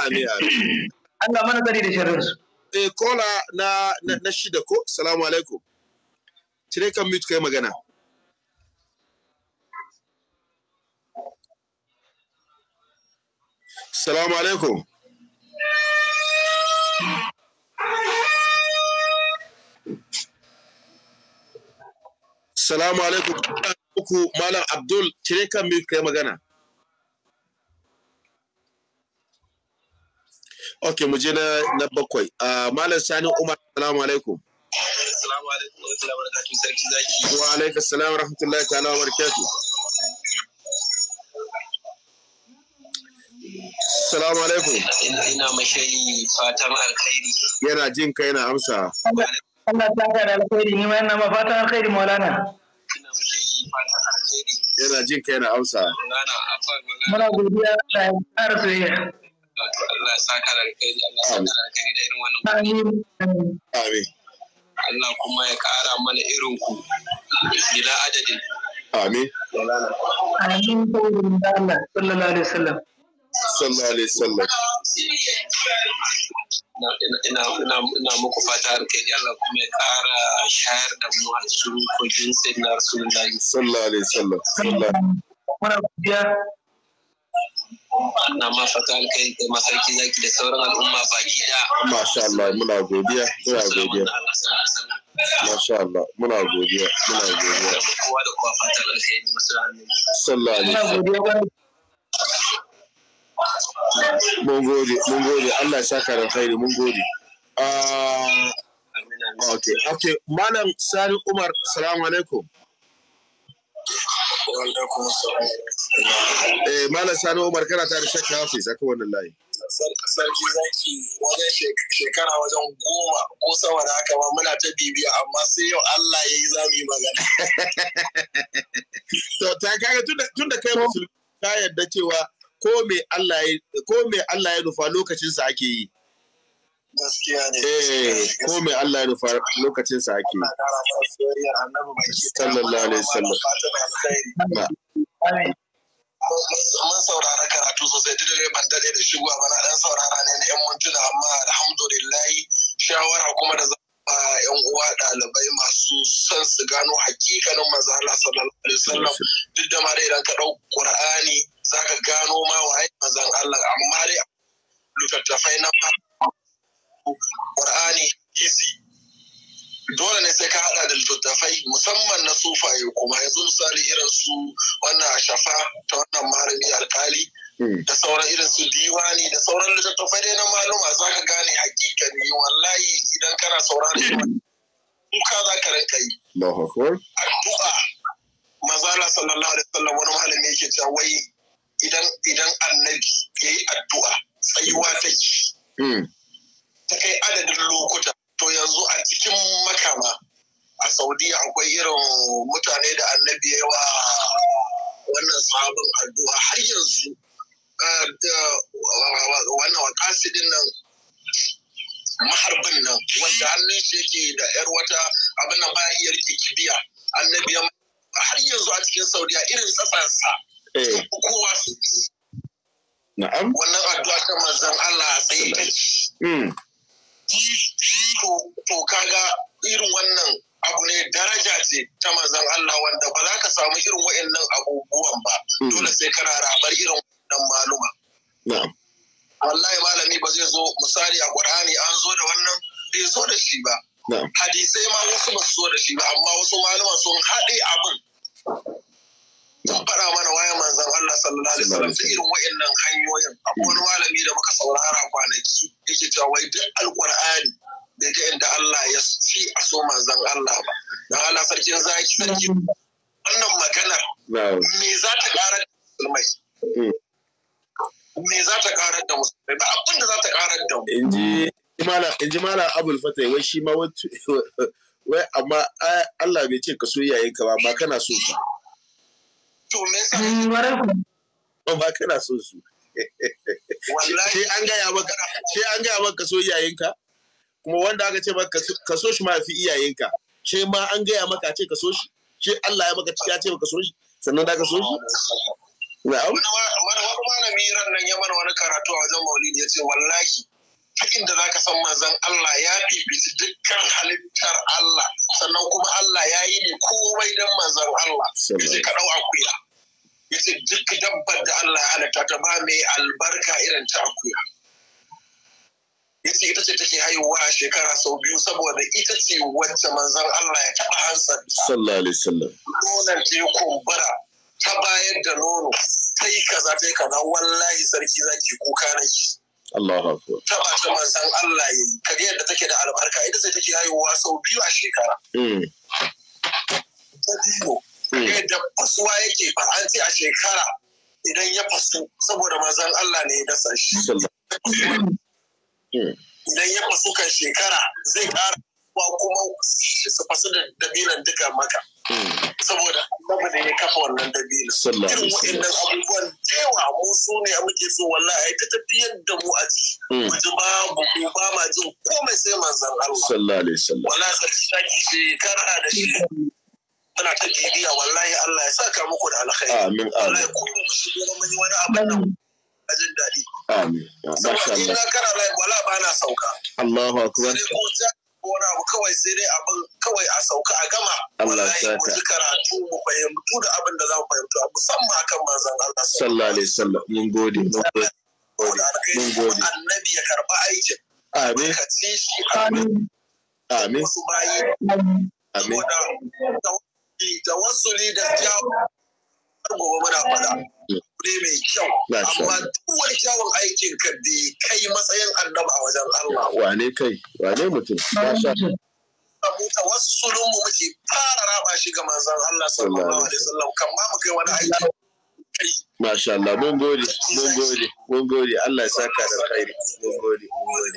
amin amin Allah mana tsari da shirin su eh kola na na shida ko assalamu alaikum cire kan mute kai magana Salamu alaikum. Salamu alaikum. Uku Malam Abdul cire kan mi kai magana. Ok, mu je na bakwai. Ah, Malam Sani Umar, salamu alaikum. Salamu alaikum wa alaikum. wa alaikum salamu alaikum. Wa alaikum alaikum. wa alaikum salamu alaikum. Salamu alaikum. Ina mashayi fatan alkhairi. Yana jin kai na amsa. Allah ta ka alkhairi ni ma ina ma fatan alkhairi Maulana. Ina mashayi Yana jin kai na amsa. Muna godiya da ƙara soyayya. Allah ya saka alkhairi, Allah ya saka alkhairi da irin wannan. Amin. Amin. Allah kuma ya ƙara mana irin ku. Bila adadin. Amin. Amin. Amin. Amin. Amin. Amin. Amin. Amin. sallale alaihi wasallam ina muku fata alkhairi Allah kuma ya kara shayar da mu a cikin kogin sayyidina rasulullahi sallallahu alaihi wasallam na ma fata alkhairi kai masarki zaki da sauran al'umma baki da masha Allah muna godiya muna godiya Masha Allah, muna godiya, muna godiya. Sallallahu alaihi mun gode mun gode Allah ya saka ran khairi mun gode ah, okay okay malam sani umar salamu alaikum eh malam sani umar kana tare da shakka hafi, zaka wannan layi sarki zaki wajen shekara wajen goma ko sama da haka ma muna ta bibiya amma sai yau Allah ya yi zami magana to ta kaga tunda kai musulmi ka yarda cewa ko me Allah ya nufa lokacinsa ake yi eh, ko me Allah ya nufa lokacin ake sallallahu mun saurara karatu sosai duk da ban dade da shigowa ba na saurara ne na yan mintuna amma alhamdulillah shawara kuma da yan uwa ɗalibai masu son su gano hakikanin manzo duk da idan ka za ka gano ma waye zan Allah amma dai littattafai na Qur'ani isi dole ne sai ka hada da littattafai musamman na sufaye kuma yanzu misali irin su wannan shafa ta wannan malami alkali hmm. da sauran irin su diwani da sauran littattafai dai na maluma za ka gane hakika ne wallahi idan kana saurari kuka za ka ranka yi addu'a manzala sallallahu alaihi wasallam wani malami yake cewa wai idan idan annabi ya yi addu'a tsayuwa ta yi hmm. ta kai adadin lokuta to yanzu a cikin makama a saudiya akwai irin mutane da annabi ya wa wannan sabon addu'a har yanzu eh, wannan kasidin nan maharbin nan wanda hannun shi yake da yar wata abin da bayan yarki kibiya annabi ya har yanzu a cikin saudiya irin tsatsansa Eh. kowa na'am wannan addu'a ta manzon Allah a tsaye mm to to kaga irin wannan abu ne daraja ce ta manzon Allah wanda ba za ka samu irin wa'annan abubuwan ba hmm. dole sai kana rabar irin wannan maluma na'am wallahi malami ba zai zo misali a Qur'ani an zo da wannan bai zo da shi ba hadisai ma wasu ba su zo da shi ba amma wasu malaman sun haɗe abin kun faɗa mana waye manzon Allah sallallahu alaihi wasallam ta irin wa'annan hanyoyin akwai wani malami da muka saurara kwanaki yake cewa wai duk alqur'ani bai ga inda Allah ya fi a so manzon Allah ba dan Allah sarkin zaki sarki wannan maganar me za ta karar da musulmai mm. me za ta karar da musulmai ba abin da za ta karar da mu inji malam inji mala Abul Fatai wai shi ma wai amma eh, Allah bai ce ka so iyayenka ba ma kana so ka to me yasa to eh, ba kana so su sai an gaya maka sai an gaya maka so iyayenka kuma wanda aka ce maka ka so shi ma fi iyayenka sai ma an gaya maka ce ka so shi sai Allah ya maka ya ce maka so shi sannan da ka so shi na'am wani malami ran nan ya mana wani karatu a wajen maulidi ya ce wallahi ta inda za ka san manzan Allah ya fifici dukkan halittar Allah sannan kuma Allah ya yi ne komai don manzan Allah ya ce ka ɗau akuya ya ce duk dabbar da Allah ya halitta ta ba mai albarka irin ta akuya ya ce ita ce take haihuwa a shekara sau biyu saboda ita ce wacce manzan Allah ya taɓa hansar nonon ta kumbura ta bayar da nono ta yi kaza ta yi kaza wallahi sarki zaki kuka na shi Allah haku. taba ta manzan Allah yi kari yadda take da albarka ita sai take haihuwa sau biyu a shekara hmm. ta biyu hmm. yadda fasuwa yake fa a shekara idan ya fasu saboda manzan Allah ne ya dasa shi hmm. idan ya fasu kan shekara zai kara kuma su fasu da dabilan duka maka saboda annabi ne ya kafa wannan dabino irin abubuwan yawa mu su ne muke so wallahi ai ta tafiyar da mu a ciki hmm. mu ji mu ba ma jin komai sai manzon Allah sallallahu alaihi wasallam wallahi sarki zaki shekara da shi muna ta bibiya wallahi Allah ya saka muku da alkhairi amin amin wallahi ku mun yi wani abu. nan a jin daɗi amin masha Allah saboda ina kana wala ba na sauka Allahu akbar ko wani abu kawai sai dai abin kawai a sauka a gama wallahi mu ji karatu mu fahimtu da abin da za mu fahimtu musamman akan manzon Allah sallallahu alaihi wasallam mun gode mun gode mun gode annabi ya karba aikin amin ka ci shi amin amin su bayi amin da wasuli da jawo gobe muna fada mm. ne mai kyau amma duk wani kyawun aikin ka bai kai matsayin annaba a wajen Allah wane kai wane mutum Ba abuta wasu sunan mu muke fara raba shi ga manzon Allah sallallahu alaihi wasallam kan ma mu kai wani aiki Masha Allah, mun gode, mun gode, mun gode, Allah ya saka da kairi, mun gode, mun gode.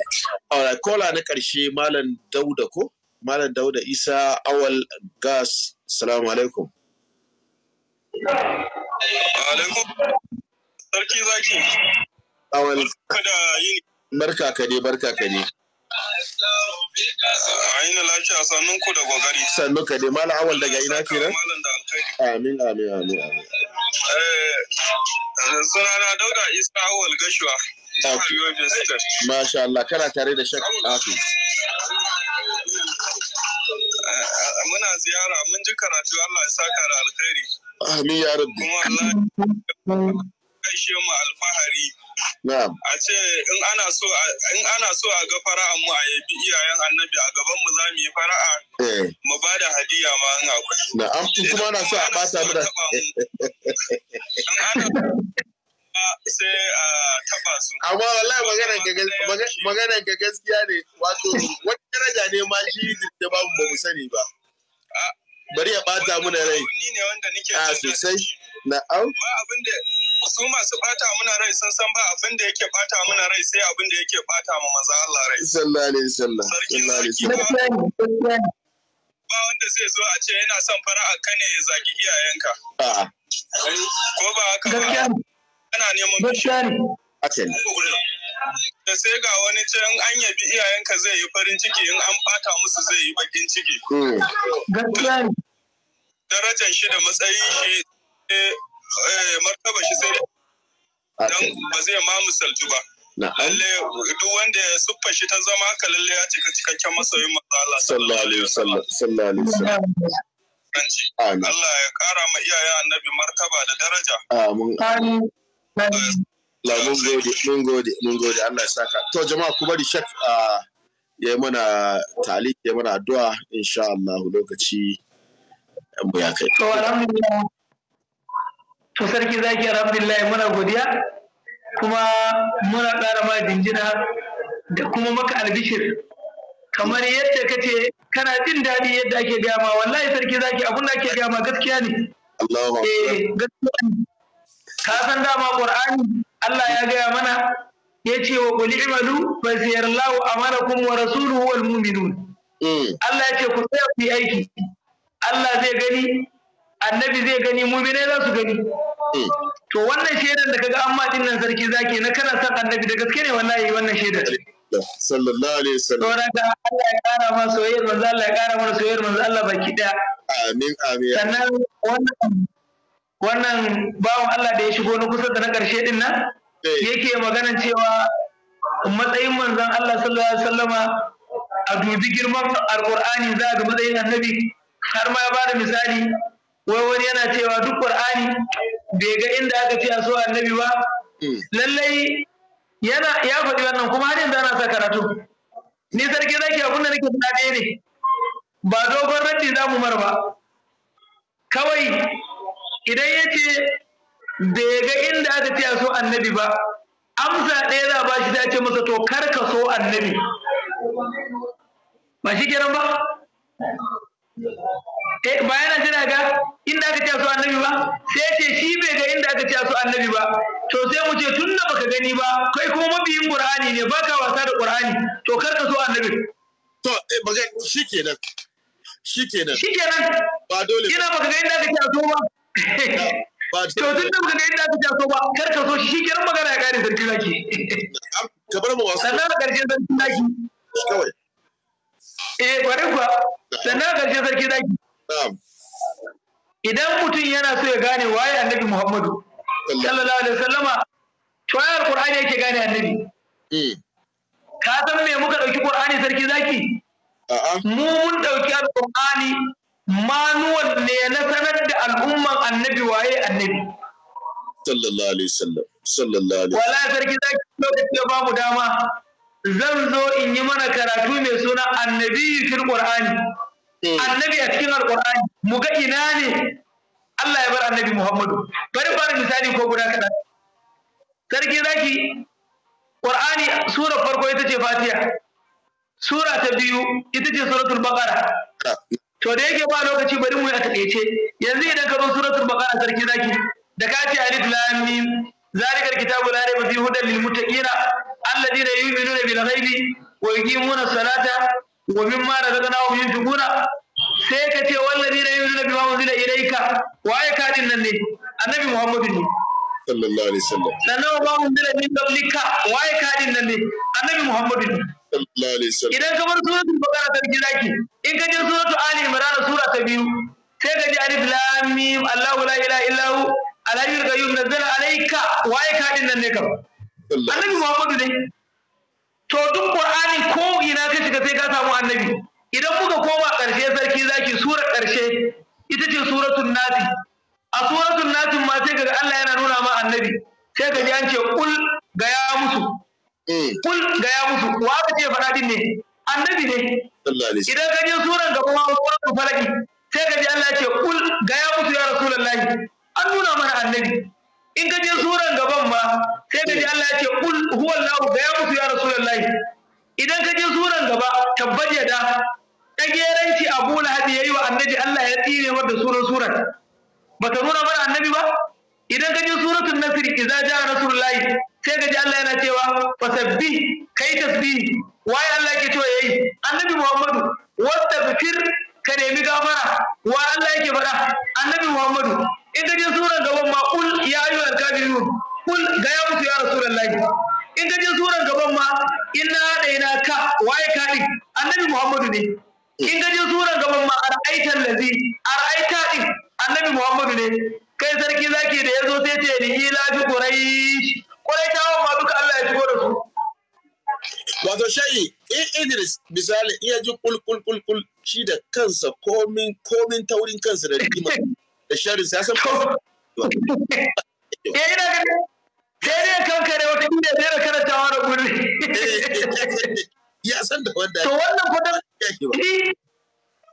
Alright, kola na ƙarshe Malam Dauda ko? Malam Dauda Isa Awal Gas, Salamu alaikum. Alaikum. Sarki zaki. Awal. kada da yini. Barka ka dai, barka ka dai. Aina lafiya sannun ku da gwagari? Sannu ka dai, malam awal daga ina kenan? Malam da alkhairi. Amin, amin, amin, amin. Eh, sunana Dauda Isa Awal Gashuwa. Ah. Masha Allah, kana tare da shak Afi. Eh, eh, muna ziyara, mun ji karatu Allah ya saka da alkhairi. amin ya rabu. kashe mu alfahari a ce in ana so a ga fara'a mu a yabi iyayen annabi a gaban mu za mu yi fara'a eh. mu ba da hadiya ma in akwai na'am kuma ana so a ta mu da In ana sai a taba su. Amma wallahi magana ga gaskiya ne wato wani daraja ne ma shi da babu ba mu sani ba. bari ya bata muna rai a ah, sosai na au ba abin da su masu bata muna rai sun san ba abin da yake bata muna rai sai abin da yake bata ma manzo Allah rai sallallahu alaihi wasallam sallallahu alaihi ba wanda zai zo a ce yana son a kane ya zagi iyayenka ko ba haka ba ana neman gaskiya haka da sai ga wani can an yabi iyayenka zai yi farin ciki in an bata musu zai yi bakin ciki Darajan hmm. darajar shi da matsayin shi eh, martaba shi sai dan ba zai ma misaltu ba lalle duk wanda ya suffa shi ta zama haka lalle ya cika cikakken masoyin matsala. Allah sallallahu sallallahu alaihi wasallam Allah ya kara ma iyayen annabi martaba da daraja amin la mun gode mun gode mun gode Allah ya saka to jama'a ku bari shek ah, ya yi mana talik ya mana addu'a insha Allah lokaci mu buya kai to alhamdulillah to sarki zaki alhamdulillah muna godiya kuma muna ƙara ma jinjina da kuma maka albishir kamar yadda ka ce kana jin daɗi yadda ake gama wallahi sarki zaki abun da ake gama gaskiya ne Allahu Akbar eh, ka san dama qur'ani Allah ya gaya mana ya ce wa qul i'malu fa sayarallahu amalakum wa rasuluhu wal mu'minun hmm. Allah ya ce ku tsaya ku yi aiki Allah zai gani annabi zai gani mu'minai za su gani hmm. to wannan shaidar da kaga amma din nan sarki zaki na kana san annabi da gaske ne wallahi wannan shaidar sallallahu alaihi wasallam to da Allah ya kara mana soyayyar manzo Allah ya kara mana soyayyar manzo Allah baki daya amin amin sannan wannan wannan bawan Allah da ya shigo na kusa da na ƙarshe din nan eh. yake magana cewa matsayin manzon Allah sallallahu alaihi wasallama a dubi girman alqur'ani za ga matsayin annabi har ma ya bada misali wai wani yana cewa duk qur'ani bai ga inda aka ce a so annabi ba eh. lallai yana ya faɗi wannan kuma har yanzu ana sa karatu ni sarki zaki abin da nake faɗa ne ba dogon raddi za mu mara ba kawai idan ya ce bai ga inda aka ce a so annabi ba amsa ɗaya za ba shi za ce masa to kar ka so annabi ba shi kenan ba eh ba yana jira ga inda aka ce so annabi ba sai ce shi bai ga inda aka ce so annabi ba to sai mu ce tun da baka gani ba kai kuma mabiyin qur'ani ne baka wasa da qur'ani to kar ka so annabi to eh shi kenan shi kenan ba dole ina baka ga inda aka ce so ba to tun da muka ga yadda aka so ba kar ka so shi shi kenan magana ya kare sarki zaki ka bar mu wasu sannan a ƙarshen sarki zaki kawai eh kwarai kuwa sannan a ƙarshen sarki zaki idan mutum yana so ya gane waye annabi Muhammadu sallallahu alaihi wasallama to ya alqur'ani yake gane annabi hmm. ka san me muka dauki qur'ani sarki zaki mu mun dauki alqur'ani Manuwar ne na sanar da al'umman annabi waye annabi sallallahu alaihi wasallam sallallahu alaihi wala sarki zaki lokaci da babu dama zan zo in yi mana karatu mai suna annabi fil qur'ani hmm. annabi a cikin qurani mu ga ina ne Allah ya bar annabi Muhammadu bari bari misali ko guda kaɗan sarki zaki qur'ani sura farko ita ce fatiha sura ta biyu ita ce suratul baqara ah, to da yake ba lokaci bari mu yi a takaice yanzu idan ka zo suratul baqara sarki zaki da ka ce alif lam mim zalikal kitabu la rayba fihi hudan lil muttaqina alladheena yu'minuna bil ghaibi wa yuqimuna salata wa mimma razaqnahum yunfiquna sai ka ce walladheena yu'minuna bima unzila ilayka wa ayatin nan ne annabi Muhammadu ne sallallahu alaihi wasallam sannan ba unzila min qablika wa ayatin nan ne annabi Muhammadu ne idan ka bar suratul baqara sarki zaki in ka je suratul ali imran sura ta biyu sai ka ji alif lam mim allah la ilaha illa hu alayyul qayyum nazzala alayka wa ayka din nan ne kam annabi muhammadu ne to duk qur'ani ko ina ka shiga sai ka samu annabi idan muka koma karshe sarki zaki surar karshe ita ce suratul nasi a suratul nasi ma sai kaga Allah yana nuna ma annabi sai ka ji an ce kul ga ya musu Mm. kul ga ya musu wa ka ce faɗa din ne annabi ne idan ka je suran gaba ma suratul falaki sai ka ji Allah ya ce kul ga ya mutu ya rasulullahi an nuna mana annabi in ka je suran gaban ma sai ka ji Allah ya ce kul huwa Allahu ga ya mutu ya rasulullahi idan ka je suran gaba tabbaje da kageranci Abu ya yayi wa annabi Allah ya tsire masa da suran ba ta nuna mana annabi ba idan ka ji suratul nasr idza jaa layi, sai ka ji Allah yana cewa fasabbi kai tasbihi waye Allah yake cewa yayi annabi Muhammadu wastaghfir ka nemi gafara wa Allah yake faɗa annabi Muhammadu in ka ji suran gaban ma kul ya ayyuhal kafirun kul ga ya mutu ya rasulullahi in ka ji suran gaban ma inna hadaina ka waye ka din annabi Muhammadu ne in ka ji suran gaban ma ara'aital ladzi ara'aita din annabi Muhammadu ne kai sarki zaki da ya zo sai ce ni ila fi quraish quraishawan ma duka Allah ya shigo da su wato shayi in Idris misali iya ji kul shi da kansa komin komin taurin kansa da rigima da sharri sai san Eh ina ganin sai dai kan kare wata inda dai da karantawa da guri eh, eh, eh, ya san da wanda to wannan kudin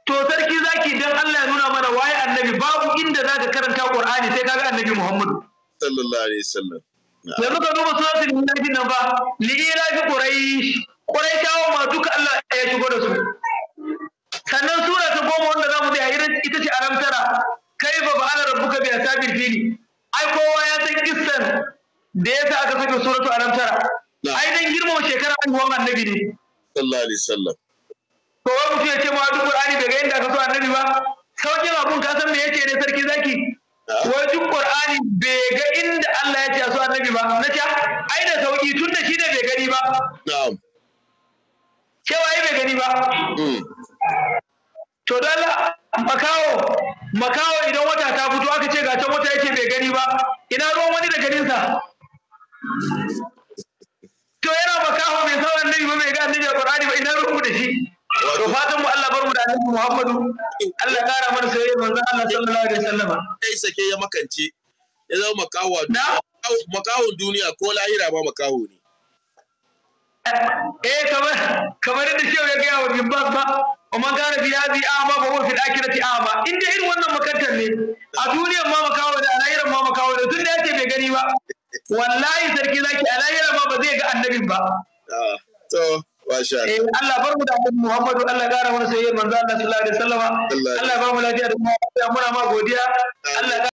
to sarki zaki dan Allah ya nuna mana waye annabi babu inda zaka karanta Qur'ani sai kaga annabi Muhammadu sallallahu alaihi wasallam yanzu ka duba suratul munafiqin nan ba li ila fi quraish quraishawa ma duka Allah ya shigo da su sannan sura ta goma wanda za mu tsaya ita ce aram tara kai ba ba'ala rabbuka bi asabil fili ai kowa ya san kissan da yasa aka saka suratu aram tara ai dan girmama shekara haihuwan annabi ne sallallahu alaihi wasallam to wai mutum ya ce ma duk Qur'ani daga yadda aka so annabi ba sauƙin abun ka san me yake ne sarki zaki wai duk Qur'ani bai ga inda Allah ya ce so annabi ba na ce ai da sauƙi tun da shi ne bai gani ba na'am cewa ai bai gani ba hmm. to Allah makawo makawo idan wata ta fito aka ce ga can wata yake bai gani ba ina ruwan wani da ganinsa to yana makaho mai sauran nabi ba mai ga annabi a Qur'ani ba ina ruwan da shi to fatan mu Allah bar mu da annabi Muhammadu Allah kara mana sai manzon Allah sallallahu alaihi wasallama kai sake ya makance ya zama makawa makawon duniya ko lahira ma makawo ne eh kamar kamar da shehu ya gaya wa Bibbas ba kuma gane bi hadi a'ma ba wa fi akhirati a'ma inda irin wannan makantar ne a duniyar ma makawo da a lahirar ma makawo da tunda yake bai gani ba wallahi sarki zaki a lahirar ma ba zai ga annabin ba ah, to eh Allah bar mu da Muhammadu Allah gara mana sayyid manzo Allah sallallahu alaihi Allah mu lafiya da muna ma godiya Allah